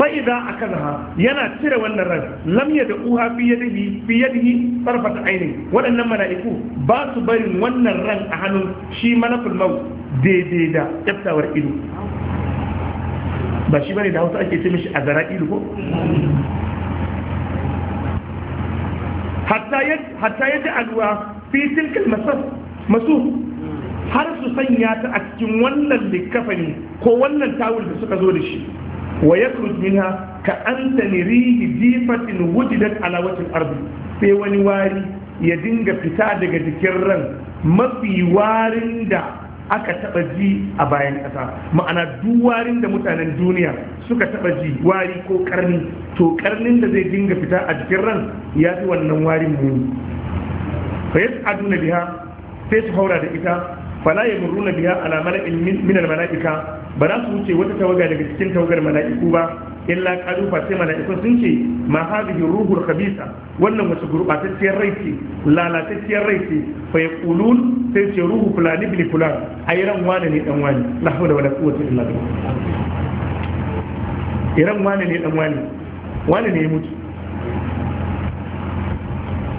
fa idan akazaha yana cire wannan ran lam ya da uha fi yadihi fi yadihi ta aini waɗannan mala'iku ba su barin wannan ran a hannun shi malakul maut daidai da tsaftawar ido ba shi bane da hausa ake ce mishi a zara ido ko hatta ya ji masu har su sanya ta a cikin wannan likafani ko wannan tawul da suka zo da shi wa ya minha ka an rihi jifatin wujidat ala wacin arzi sai wani wari ya dinga fita daga jikin ran mafi warin da aka taba ji a bayan kasa, ma'ana duwarin da mutanen duniya suka taba ji wari ko karni to karnin da zai dinga fita a jikin ran ya fi wannan warin muni fa aduna biha sai su haura da ita fala ya murruna biya ala mala'in min al-mala'ika ba za su wuce wata tawaga daga cikin tawagar mala'iku ba illa qalu fa sai mala'ikun sun ce ma hadhihi ruhul khabisa wannan wace gurbatacciyar rai ce lalatacciyar rai ce fa yaqulun sai ce ruhu fulani bil fulan ai ran wani ne dan wani la hawla wala quwwata illa billah iran wani ne dan wani wani ne mutu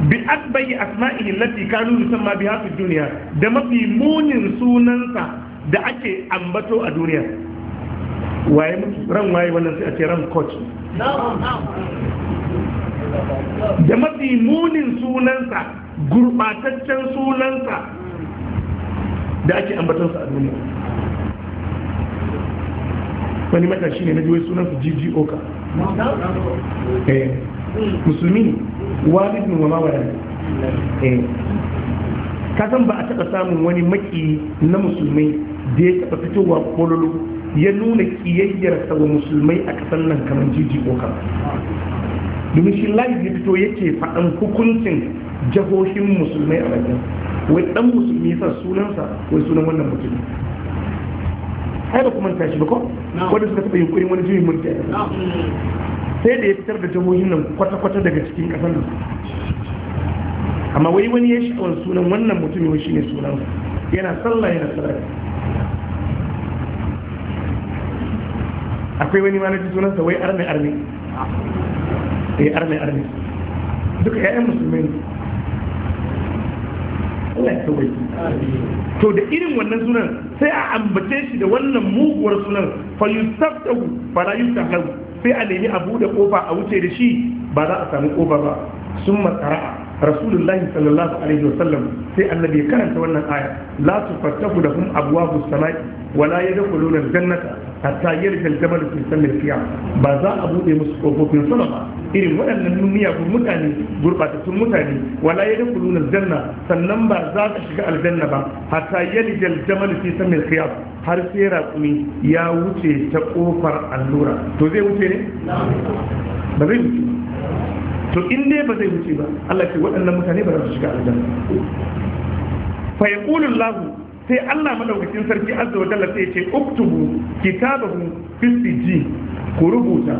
bi asbayi asma'ihi lati kanu yusamma biha fi duniya da mafi munin sunansa da ake ambato a duniya waye ran waye wannan sai a ce ran coach da mafi munin sunansa gurbataccen sunansa da ake ambatonsa a duniya wani matashi ne na ji wai sunansa GGO ka eh. musulmi ne walidin wa mawala ne eh. kasan ba a taɓa samun wani maki na musulmai da ya taɓa fitowa kololo ya nuna kiyayyar wa musulmai a kasar nan kamar jiji ƙoka domin shi layi ya fito yake faɗan hukuncin jahohin musulmai a bakin wai ɗan musulmi ya sa sunansa wai sunan wannan mutum ai ba kuma tashi ba ko wanda suka taɓa yunkurin wani jirgin mulki a sai da ya fitar da jamohin nan kwata-kwata daga cikin ƙasar da amma wai wani ya wani sunan wannan mutum yau shi ne sunan yana sallah yana sallah akwai wani manaji sunansa wai arne arne ya eh, yi arne arne duka ya'yan musulmai Allah ya kawai to da irin wannan sunan sai a ambace shi da wannan muguwar sunan fa yustaftahu fa la yustahlahu sai a nemi a buɗe kofa a wuce da shi ba za a samu kofa ba sun matsara'a rasulullahi sallallahu alaihi wasallam sai annabi ya karanta wannan aya la tufattahu lahum abwabu samai wa la yadkhuluna aljannata hatta yarja aljabal fi samil qiyam ba za a bude musu kofofin sama ba irin waɗannan gur mutane gurbatattun mutane wa la yadkhuluna aljanna sannan ba za ka shiga aljanna ba hatta yarja aljabal fi samil qiyam har sai raƙumi ya wuce ta kofar allura to zai wuce ne ba zai wuce to in dai ba zai wuce ba Allah ce waɗannan mutane ba za su shiga aljanna fa yaqulu Allah sai Allah madaukakin sarki azza wa jalla sai ya ce uktubu kitabahu fi sijji ku rubuta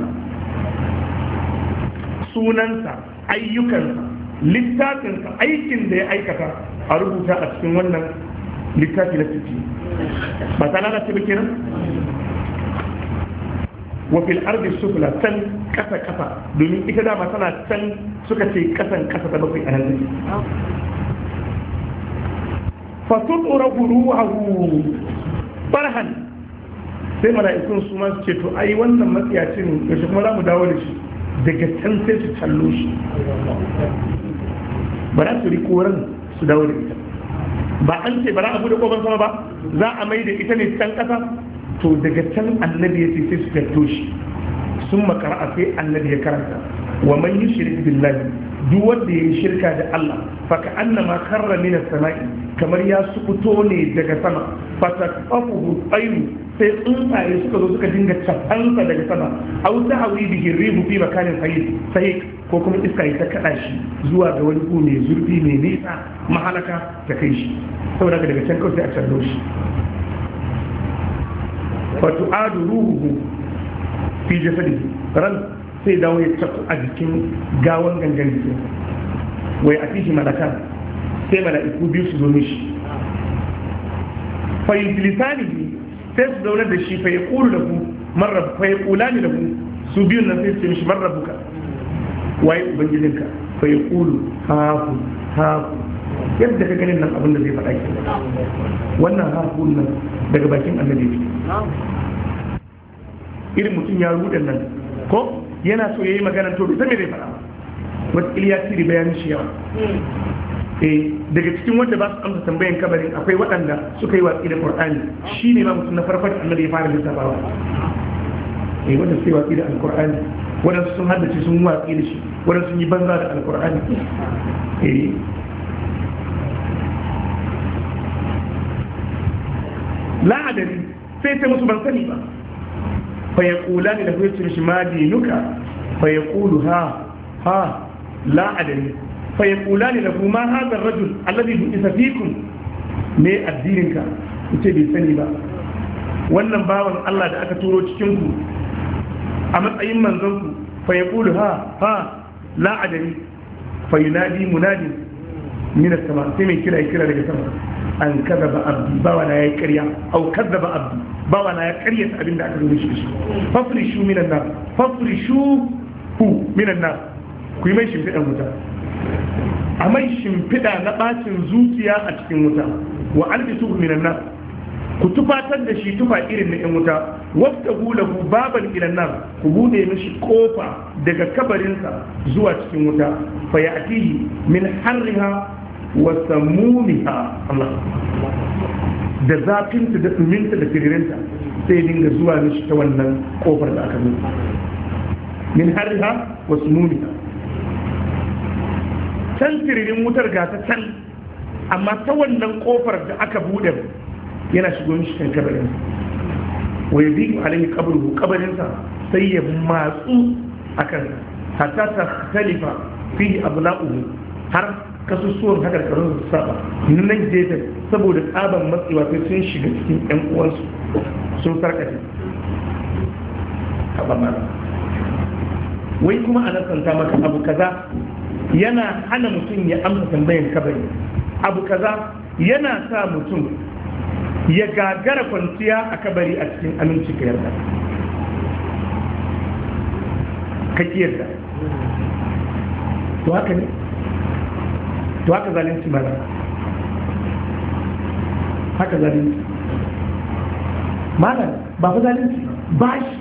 sunansa ayyukansa littafinsa aikin da ya aikata a rubuta a cikin wannan littafi na sijji ba ta lalace ba kenan wa fil ardi sufla can kasa kasa domin ita dama tana can suka ce kasan kasa ta bakwai a nan fa tudura ruhu farhan sai mala'ikun su ma su ce to ai wannan matsiyacin yaushe kuma za mu dawo da shi daga can sai su callo shi ba za su riko ran su dawo da ita ba an ce ba za a bude kofar sama ba za a mai da ita ne can kasa to daga can annabi ya ce sai su fito shi sun makara sai annabi ya karanta wa man yi shirk billahi duk wanda ya yi shirka da Allah fa ka annama karra min samai kamar ya sukuto ne daga sama fa ta qafuhu ayyu sai tsuntsaye suka zo suka dinga tafansa daga sama au ta hawi bihi rihu fi makanin sahih sahih ko kuma iska ya kada shi zuwa ga wani ku mai zurfi mai nisa mahalaka ta kai shi saboda daga can kawai a can shi Fatu adu ruhu fi jasadi ran sai dawo ya tafi a jikin gawan gangan jikin wai a fishi malakan sai mala'iku biyu su zo mishi fa yutilisani sai su zaunar da shi fa ya kulu da ku marra fa ya kula ni da ku su biyun nan sai su ce mishi marar buka waye ubangijinka fa ya kulu hafu hafu yadda ka ganin nan abin da zai faɗa ke wannan harkun nan daga bakin annabi ne irin mutum ya ruɗe nan ko yana so ya yi magana to bai me zai faɗa wata iliya tiri bayanin shi yawa eh, daga cikin wanda ba su amsa tambayan kabarin akwai waɗanda suka yi watsi da qur'ani shi ne ma mutum na farfar annabi ya fara lissafawa eh wanda suka yi watsi da alqur'ani wadansu sun haddace sun watsi da shi wadansu sun yi banza da alqur'ani eh la adari sai ta musu ban sani ba fa yaqula da lahu yatsuru shi ma dinuka fa Kulu ha ha la adari fa yaqula ni lahu ma hadha ar-rajul alladhi bi'isa fikum me addinin ka yace bai sani ba wannan bawan Allah da aka turo cikin ku a matsayin manzon ku fa yaqulu ha ha la adari fa yunadi munadin min as-sama sai mai kira kira daga sama an kaza ba abdi bawa ya yi ƙarya au kaza ba abdi bawa na ya ƙarya abin da aka zo shi shi fafrishu minan nar fafrishu hu minan nar ku yi mai shimfiɗan wuta a mai shimfiɗa na ɓacin zuciya a cikin wuta wa albisu minan nar ku tufatar da shi tufa irin na yan wuta wata hula ku baban ilan nan ku bude mishi kofa daga kabarinsa zuwa cikin wuta fa ya min harriha wa samumiha Allah da zafinta da tsuminta da firirinta sai dinga zuwa mishi ta wannan kofar da aka nuna min hariha wa sumuniha can firirin wutar ga ta can amma ta wannan kofar da aka bude yana shigo mishi kan kabarin wa yabi alayhi kabarin sa sai ya matsu akan hatta ta talifa fi abla'uhu har Kasusuwar kasusuwan hakarkarun su saba nan da saboda tsaban matsewa sai sun shiga cikin yan uwansu sun sarkace a bambara wai kuma a nasanta maka abu kaza yana hana mutum ya amsa tambayar kabari abu kaza yana sa mutum ya gagara kwanciya a kabari a cikin aminci ka yarda ka yarda to haka ne to haka zalunci ba haka zalunci malam ba fa zalunci bashi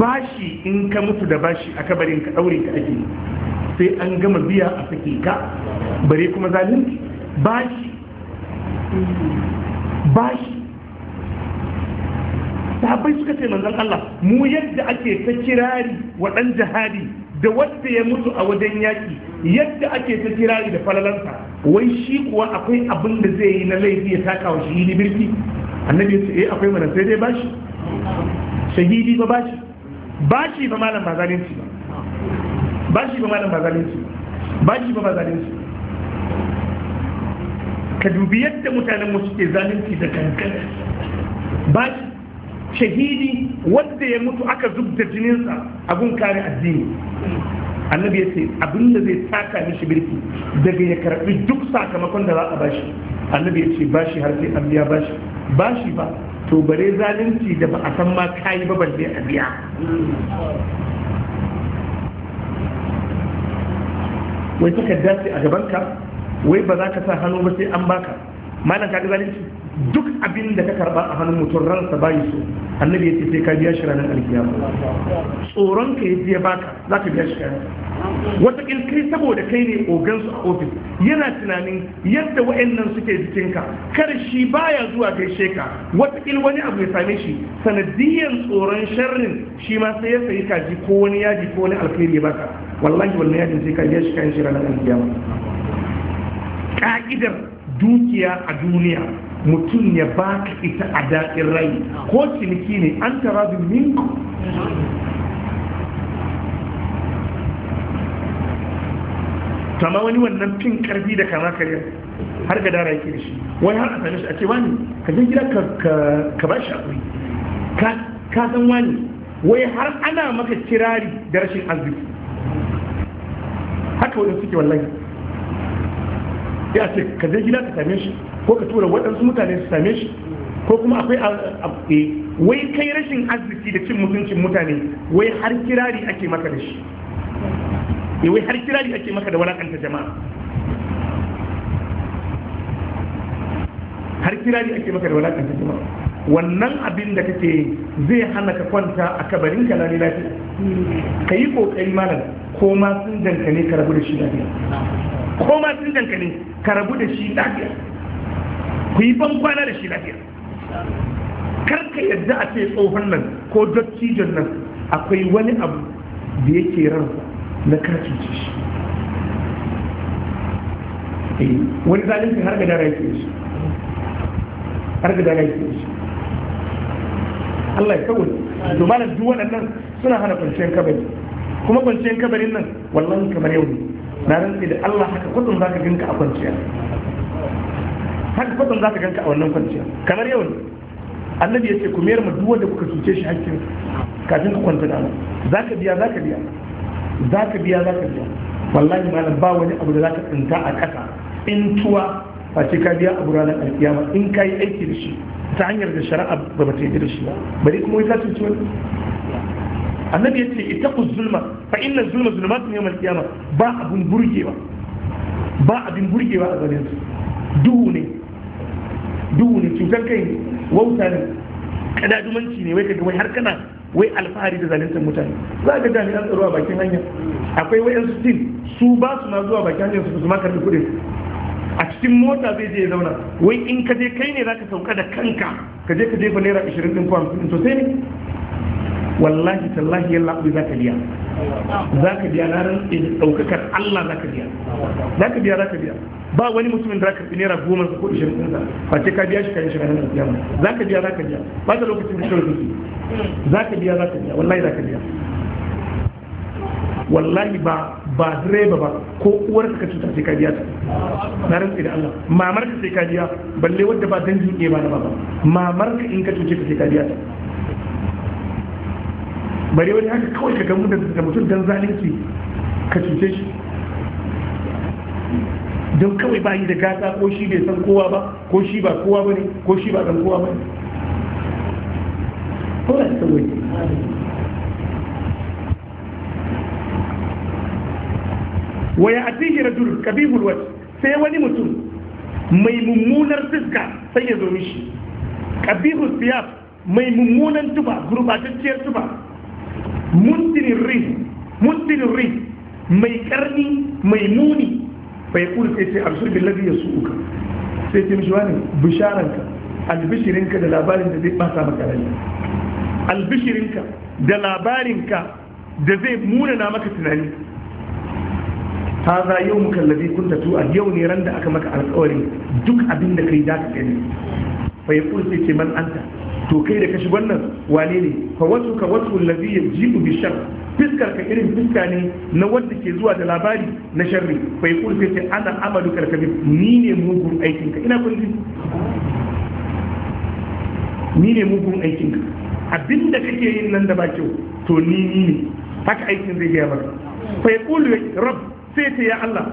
bashi in ka mutu da bashi a kabarin ka daure ka ake sai an gama biya a sake ka bare kuma zalunci bashi bashi sahabbai suka ce manzon Allah mu yadda ake ta kirari wa jihadi da wanda ya mutu a wajen yaƙi yadda ake ta kirari da falalansa wai shi kuwa akwai abin da zai yi na laifi ya taka wa shahidi birki annabi ya ce eh akwai mana sai dai bashi shahidi ba bashi bashi ba malam ba zalunci ba bashi ba malam ba zalunci bashi ba ba zalunci ka dubi yadda mutanen mu suke zalunci da kankan bashi shahidi wanda ya mutu aka zub da jininsa abun kare addini annabi ya ce abin da zai taka mishi birki daga ya karbi duk sakamakon da za a bashi annabi ya ce bashi har sai an biya bashi bashi ba to bare zalunci da ba a san ma kayi ba balle a biya wai takarda ce a gabanka wai ba za ka sa hannu ba sai an baka malam ka ga zalunci duk abin da ka karba a hannun mutum ransa bayi so annabi ya ce sai ka biya shi ranar alkiyama tsoron ka yaji ya baka za ka biya shi wata kai saboda kai ne ogansu a ofis yana tunanin yadda wa'annan suke ka kar shi baya zuwa kai sheka, wata wani abu ya same shi sanadiyan tsoron sharrin shi ma sai ya sayi kaji ko wani yaji ko wani alkhairi ya baka wallahi wannan yajin sai ka biya shi kayan shi ranar ka'idar dukiya a duniya mutum ya baka ita a daɗin rai ko ciniki ne an tara da minku tama wani wannan fin karfi da kama karya har ga dara yake da shi wani har a sami shi a ce wani ka je gida ka ba shi akwai ka san wani wai har ana maka kirari da rashin arziki haka wani suke wallahi ya ce ka je gida ka same shi ko ka tura waɗansu mutane su same shi ko kuma akwai eh, wai kai rashin arziki da cin mutuncin mutane wai har kirari ake maka da shi eh, wai har kirari ake maka da walakanta jama'a har kirari ake maka da walakanta jama'a wannan abin da kake zai hana ka kwanta a kabarin ka lami lafiya ka yi kokari malam ko ma sun janka ka rabu da shi lafiya ko ma sun danka ka rabu da shi lafiya ku yi ban kwana da shi lafiya kar ka yadda a ce tsohon nan ko dattijon nan akwai wani abu da yake ran na ce shi eh, wani zalunci har ga dara yake shi har ga dara yake shi Allah ya kawo domin duk waɗannan suna hana kwanciyar kabari kuma kwanciyar kabarin nan wallan kamar yau ne na rantsi da Allah haka kudin za ka ganka a kwanciya haka kudin za ka ganka a wannan kwanciya kamar yau annabi ya ce ku mayar ma duk wanda kuka cuce shi hakkin kafin ka kwanta nan za ka biya za ka biya za ka biya za ka biya wallahi malam ba wani abu da za ka tsinta a ƙasa in tuwa ba ce ka biya abu ranar alkiyama in ka yi aiki da shi ta hanyar da shari'a ba ba ta yi da shi ba bari kuma wai ta cuci wani annabi yace ittaqu zulma fa inna zulma zulmatun yawm al-qiyamah ba abun burgewa ba abin burgewa a gare su duhu ne duhu ne cutar kai wauta ne kadadumanci ne wai kaga wai har kana wai alfahari da zaluntar mutane za ka ga jami'an tsaro a bakin hanya akwai wayan su din su ba su ma zuwa bakin hanya su su ma da kudi a cikin mota zai je ya zauna wai in ka je kai ne za ka sauka da kanka ka je ka jefa naira 20 din ko 50 to sai ne wallahi tallahi yalla ku za ka biya za ka biya na rantsi da Allah za ka biya za ka biya za ka biya ba wani mutumin da ka karbi naira goma ko ishirin din sa ba ce ka biya shi kai shi ranar kiyama za ka biya za ka biya ba da lokacin da shi za ka biya za ka biya wallahi za ka biya wallahi ba ba direba ba ko uwar ka cuta sai ka biya ta na rantsi da Allah mamar ka sai ka biya balle wanda ba dangin ke ba na ba mamar ka in ka cuce ka sai ka biya ta bari wani haka kawai ka gamu da mutum don zalunci ka cuce shi don kawai bayi da gasa ko shi bai san kowa ba ko shi ba kowa ba ne ko shi ba dan kowa ba ne kowa da kawai Waya a cikin rajul kabihul wajh sai wani mutum mai mummunar fuska sai ya zo mishi kabihul siyaf mai mummunan tuba gurbatacciyar tuba Muddin rin mai karni mai muni bai kuri sai ce abshir billahi ya su uka sai ce mishi wani bisharanka albishirinka da labarin da zai basa maka rai albishirinka da labarinka da zai muna na maka tunani za yau muka ladi kunta tu'a yau ne ran da aka maka alƙawarin duk abin da kai za ka gani fa ya sai ce man anta to kai da kashi wannan wane ne fa wasu ka wasu lazi ya ji bi shar fiskar ka irin fiska ne na wanda ke zuwa da labari na sharri bai kul kace ana amalu karkabi ni ne mugun aikinka, ina kun ji ni ne mugun aikin ka abinda kake yin nan da ba kyau to ni ni ne haka aikin zai gaya maka fa yaqul rabb sai ta ya Allah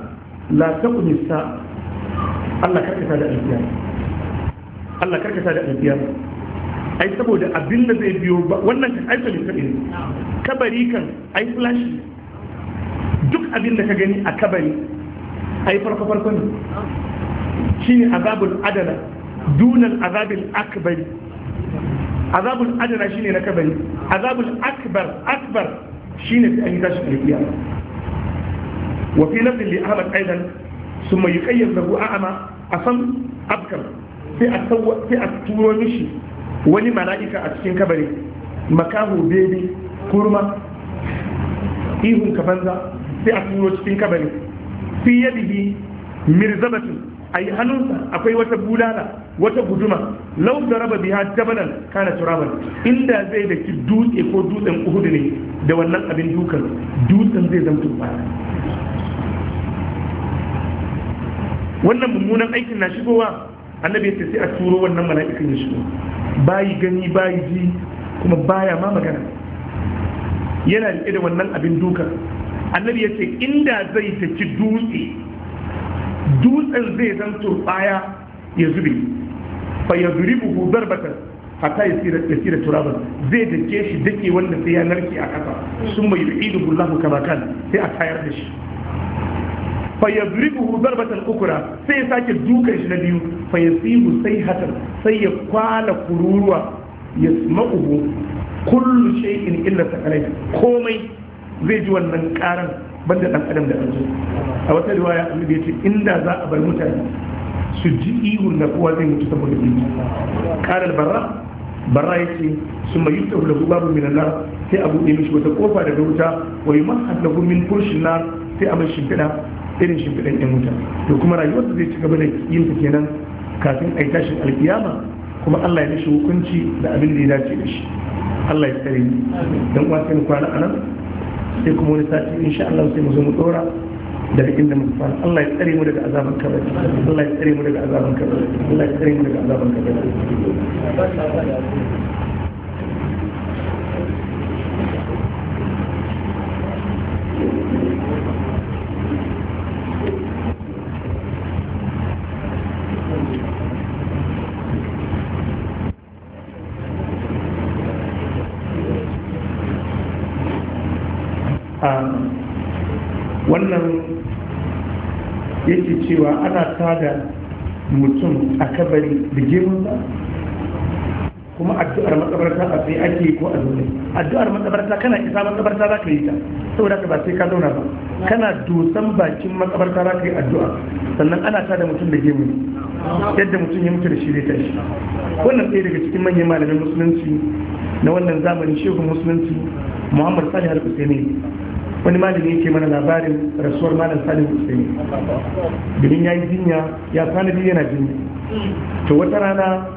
la taqni sa Allah karkata da alkiyama Allah karkata da alkiyama ai saboda abin da zai biyo ba wannan kan ai tsanin kaɗi kabari kan ai flashi duk abin da ka gani a kabari ai farko farko ne shine azabul adana dunan azabil akbari azabul adana shine na kabari azabul akbar akbar shine sai an yi tashi alkiya wa fi lafin li ahmad aidan summa yuqayyad lahu a'ama asam abkar sai a turo mishi wani mala'ika a cikin kabari makahu bebe kurma ihun ka sai a turo cikin kabari fi yadihi mirzabatu a yi hannunsa akwai wata bulala wata guduma lau da raba biya jabalan kana turaban inda zai da ki dutse ko dutsen uhudu ne da wannan abin dukan dutsen zai zamto ba wannan mummunan aikin na shigowa annabi ya sai a turo wannan mala'ikan ya shigo bayi gani bayi ji kuma baya ma magana yana riƙe da wannan abin duka annabi ya ce inda zai tafi dutse dutsen zai zan turɓaya ya zube fa ya zuri buhu zarbatar hatta ya tsira turaban zai dake shi dake wanda sai ya narke a ƙasa sun mai yu'idu bullahu kama kan sai a tayar da shi fa yadribuhu darbatan ukura, sai ya sake dukan shi na biyu fa yasibu sai hatan sai ya kwala kururuwa yasma'uhu kullu shay'in illa sakalai komai zai ji wannan karan banda dan adam da anzo a wata riwaya annabi ya inda za a bar mutane su ji ihun na kowa zai mutu saboda ihun karar barra barra ya ce su mai yuta hula babu minan nar sai a buɗe mishi wata kofa daga wuta wai mahal lahu min furshin nar sai a mai shimfiɗa irin shimfiɗan ɗin wuta to kuma rayuwarsa zai ci gaba da yin ta kenan kafin a yi tashin alkiyama kuma Allah ya mishi hukunci da abin da ya dace da shi Allah ya tsare dan uwa sai mu kwana anan sai kuma wani sati insha Allah sai mu zo mu dora daga inda muka fara Allah ya tsare mu daga azaban kabari Allah ya tsare mu daga azaban kabari Allah ya tsare mu daga azaban kabari manta da mutum a kabari da girman kuma addu'ar matsabarta a sai ake ko a zuwa addu'ar matsabarta kana isa matsabarta za ka yi ta saboda ka ba sai ka zauna ba kana dusan bakin matsabarta za ka yi addu'a sannan ana ta da mutum da gemu yadda mutum ya mutu da shi zai tashi wannan ɗaya daga cikin manyan malamin musulunci na wannan zamani shehu musulunci muhammad salih al-husaini wani malami ke mana labarin rasuwar malam salim husaini domin ya yi jinya ya kwana biyu yana jinya to wata rana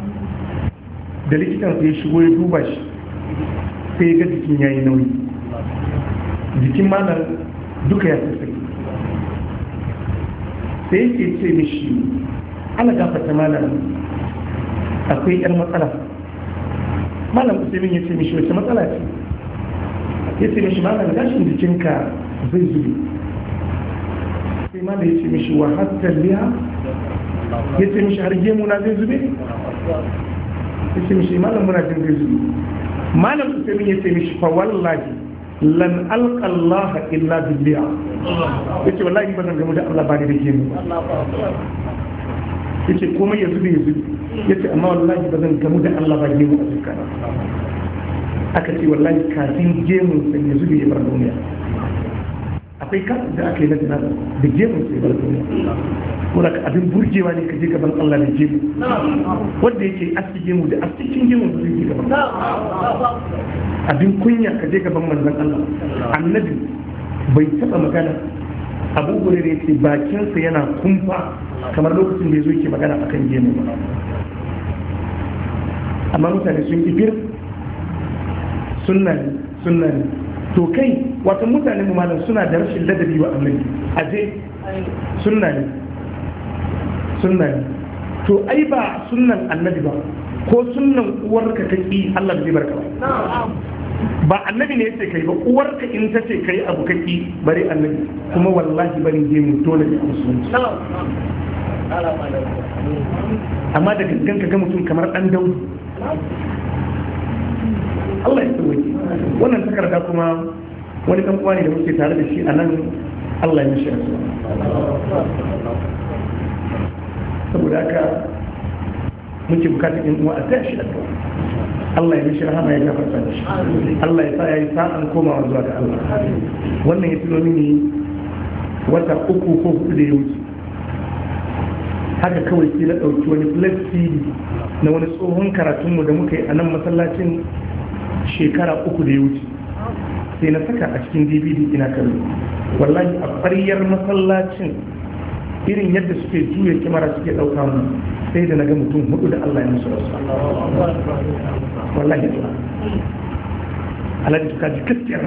da likitan ya shigo ya duba shi sai ga jikin ya yi nauyi jikin malam duka ya sassaki sai yake ce mishi ana gafata malam akwai yar matsala malam usaimin ya ce mishi wace matsala ce ya ce mishi malam gashin jikinka zai zube sai malam ya ce mishi wa hatta liya ya ce mishi har gemu na zai zube ya ce mishi malam muna jin zai zube malam usaimin ya ce mishi fa wallahi lan alqallaha illa billah yace wallahi ba zan gamu da Allah ba da gemu yace komai ya zube ya zube yace amma wallahi ba zan gamu da Allah ba gemu a cikin aka ce wallahi kafin gemun sai ya zube ya bar duniya akwai ka da aka yi na jinaza da gemun sai ya bar duniya kuma ka abin burgewa ne ka je gaban Allah da gemu wanda yake aski gemu da askikin gemun da zai gaban abin kunya ka je gaban manzon Allah annabi bai taba magana abu ne yace bakinsa yana kumfa kamar lokacin da yazo yake magana akan gemu amma mutane sun kifir sunna ne sunna ne to kai wato mutane mu malam suna da rashin ladabi wa annabi aje sunna ne sunna ne to ai ba sunnan annabi ba ko sunnan uwarka ta ki Allah bai barka ba ba annabi ne yace kai ba uwarka in ta ce kai abu kake bari annabi kuma wallahi bari je mu dole ne musulunci amma da gangan ka ga mutum kamar dan daudu Allah ya tsoke wannan takarda kuma wani dan uwa ne da muke tare da shi a nan Allah ya mishi saboda haka muke bukatar in uwa a taya shi addu'a Allah ya mishi rahama ya gafarta da shi Allah ya sa yayi sa'an komawa zuwa ga Allah wannan ya tuno mini wata uku ko hudu da ya wuce haka kawai sai na ɗauki wani flat na wani tsohon karatunmu da muka yi a nan masallacin shekara uku da ya wuce sai na saka a cikin dvd ina kallo wallahi a ƙwaryar masallacin irin yadda suke juya kimara suke ɗauka mu sai da na ga mutum hudu da allah ya musu rasu wallahi tuwa alhaji tuka ji gaskiyar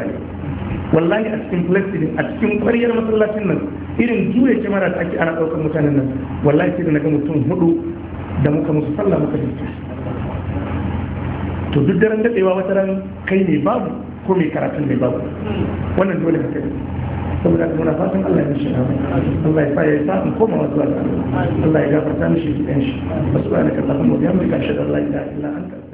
wallahi a cikin plastic a cikin ƙwaryar masallacin nan irin juya kimara da ake ana ɗaukar mutanen nan wallahi sai da na ga mutum hudu da muka musu sallah muka jikin to duk daren daɗewa wata ran kai ne babu ko mai karatun ne babu wannan dole haka ne saboda da muna fatan Allah ya shiga mai Allah ya faya sa in koma zuwa ga Allah ya gafarta mishi da shi wasu ba da kallon mu ya mulka shi da Allah ya illa anta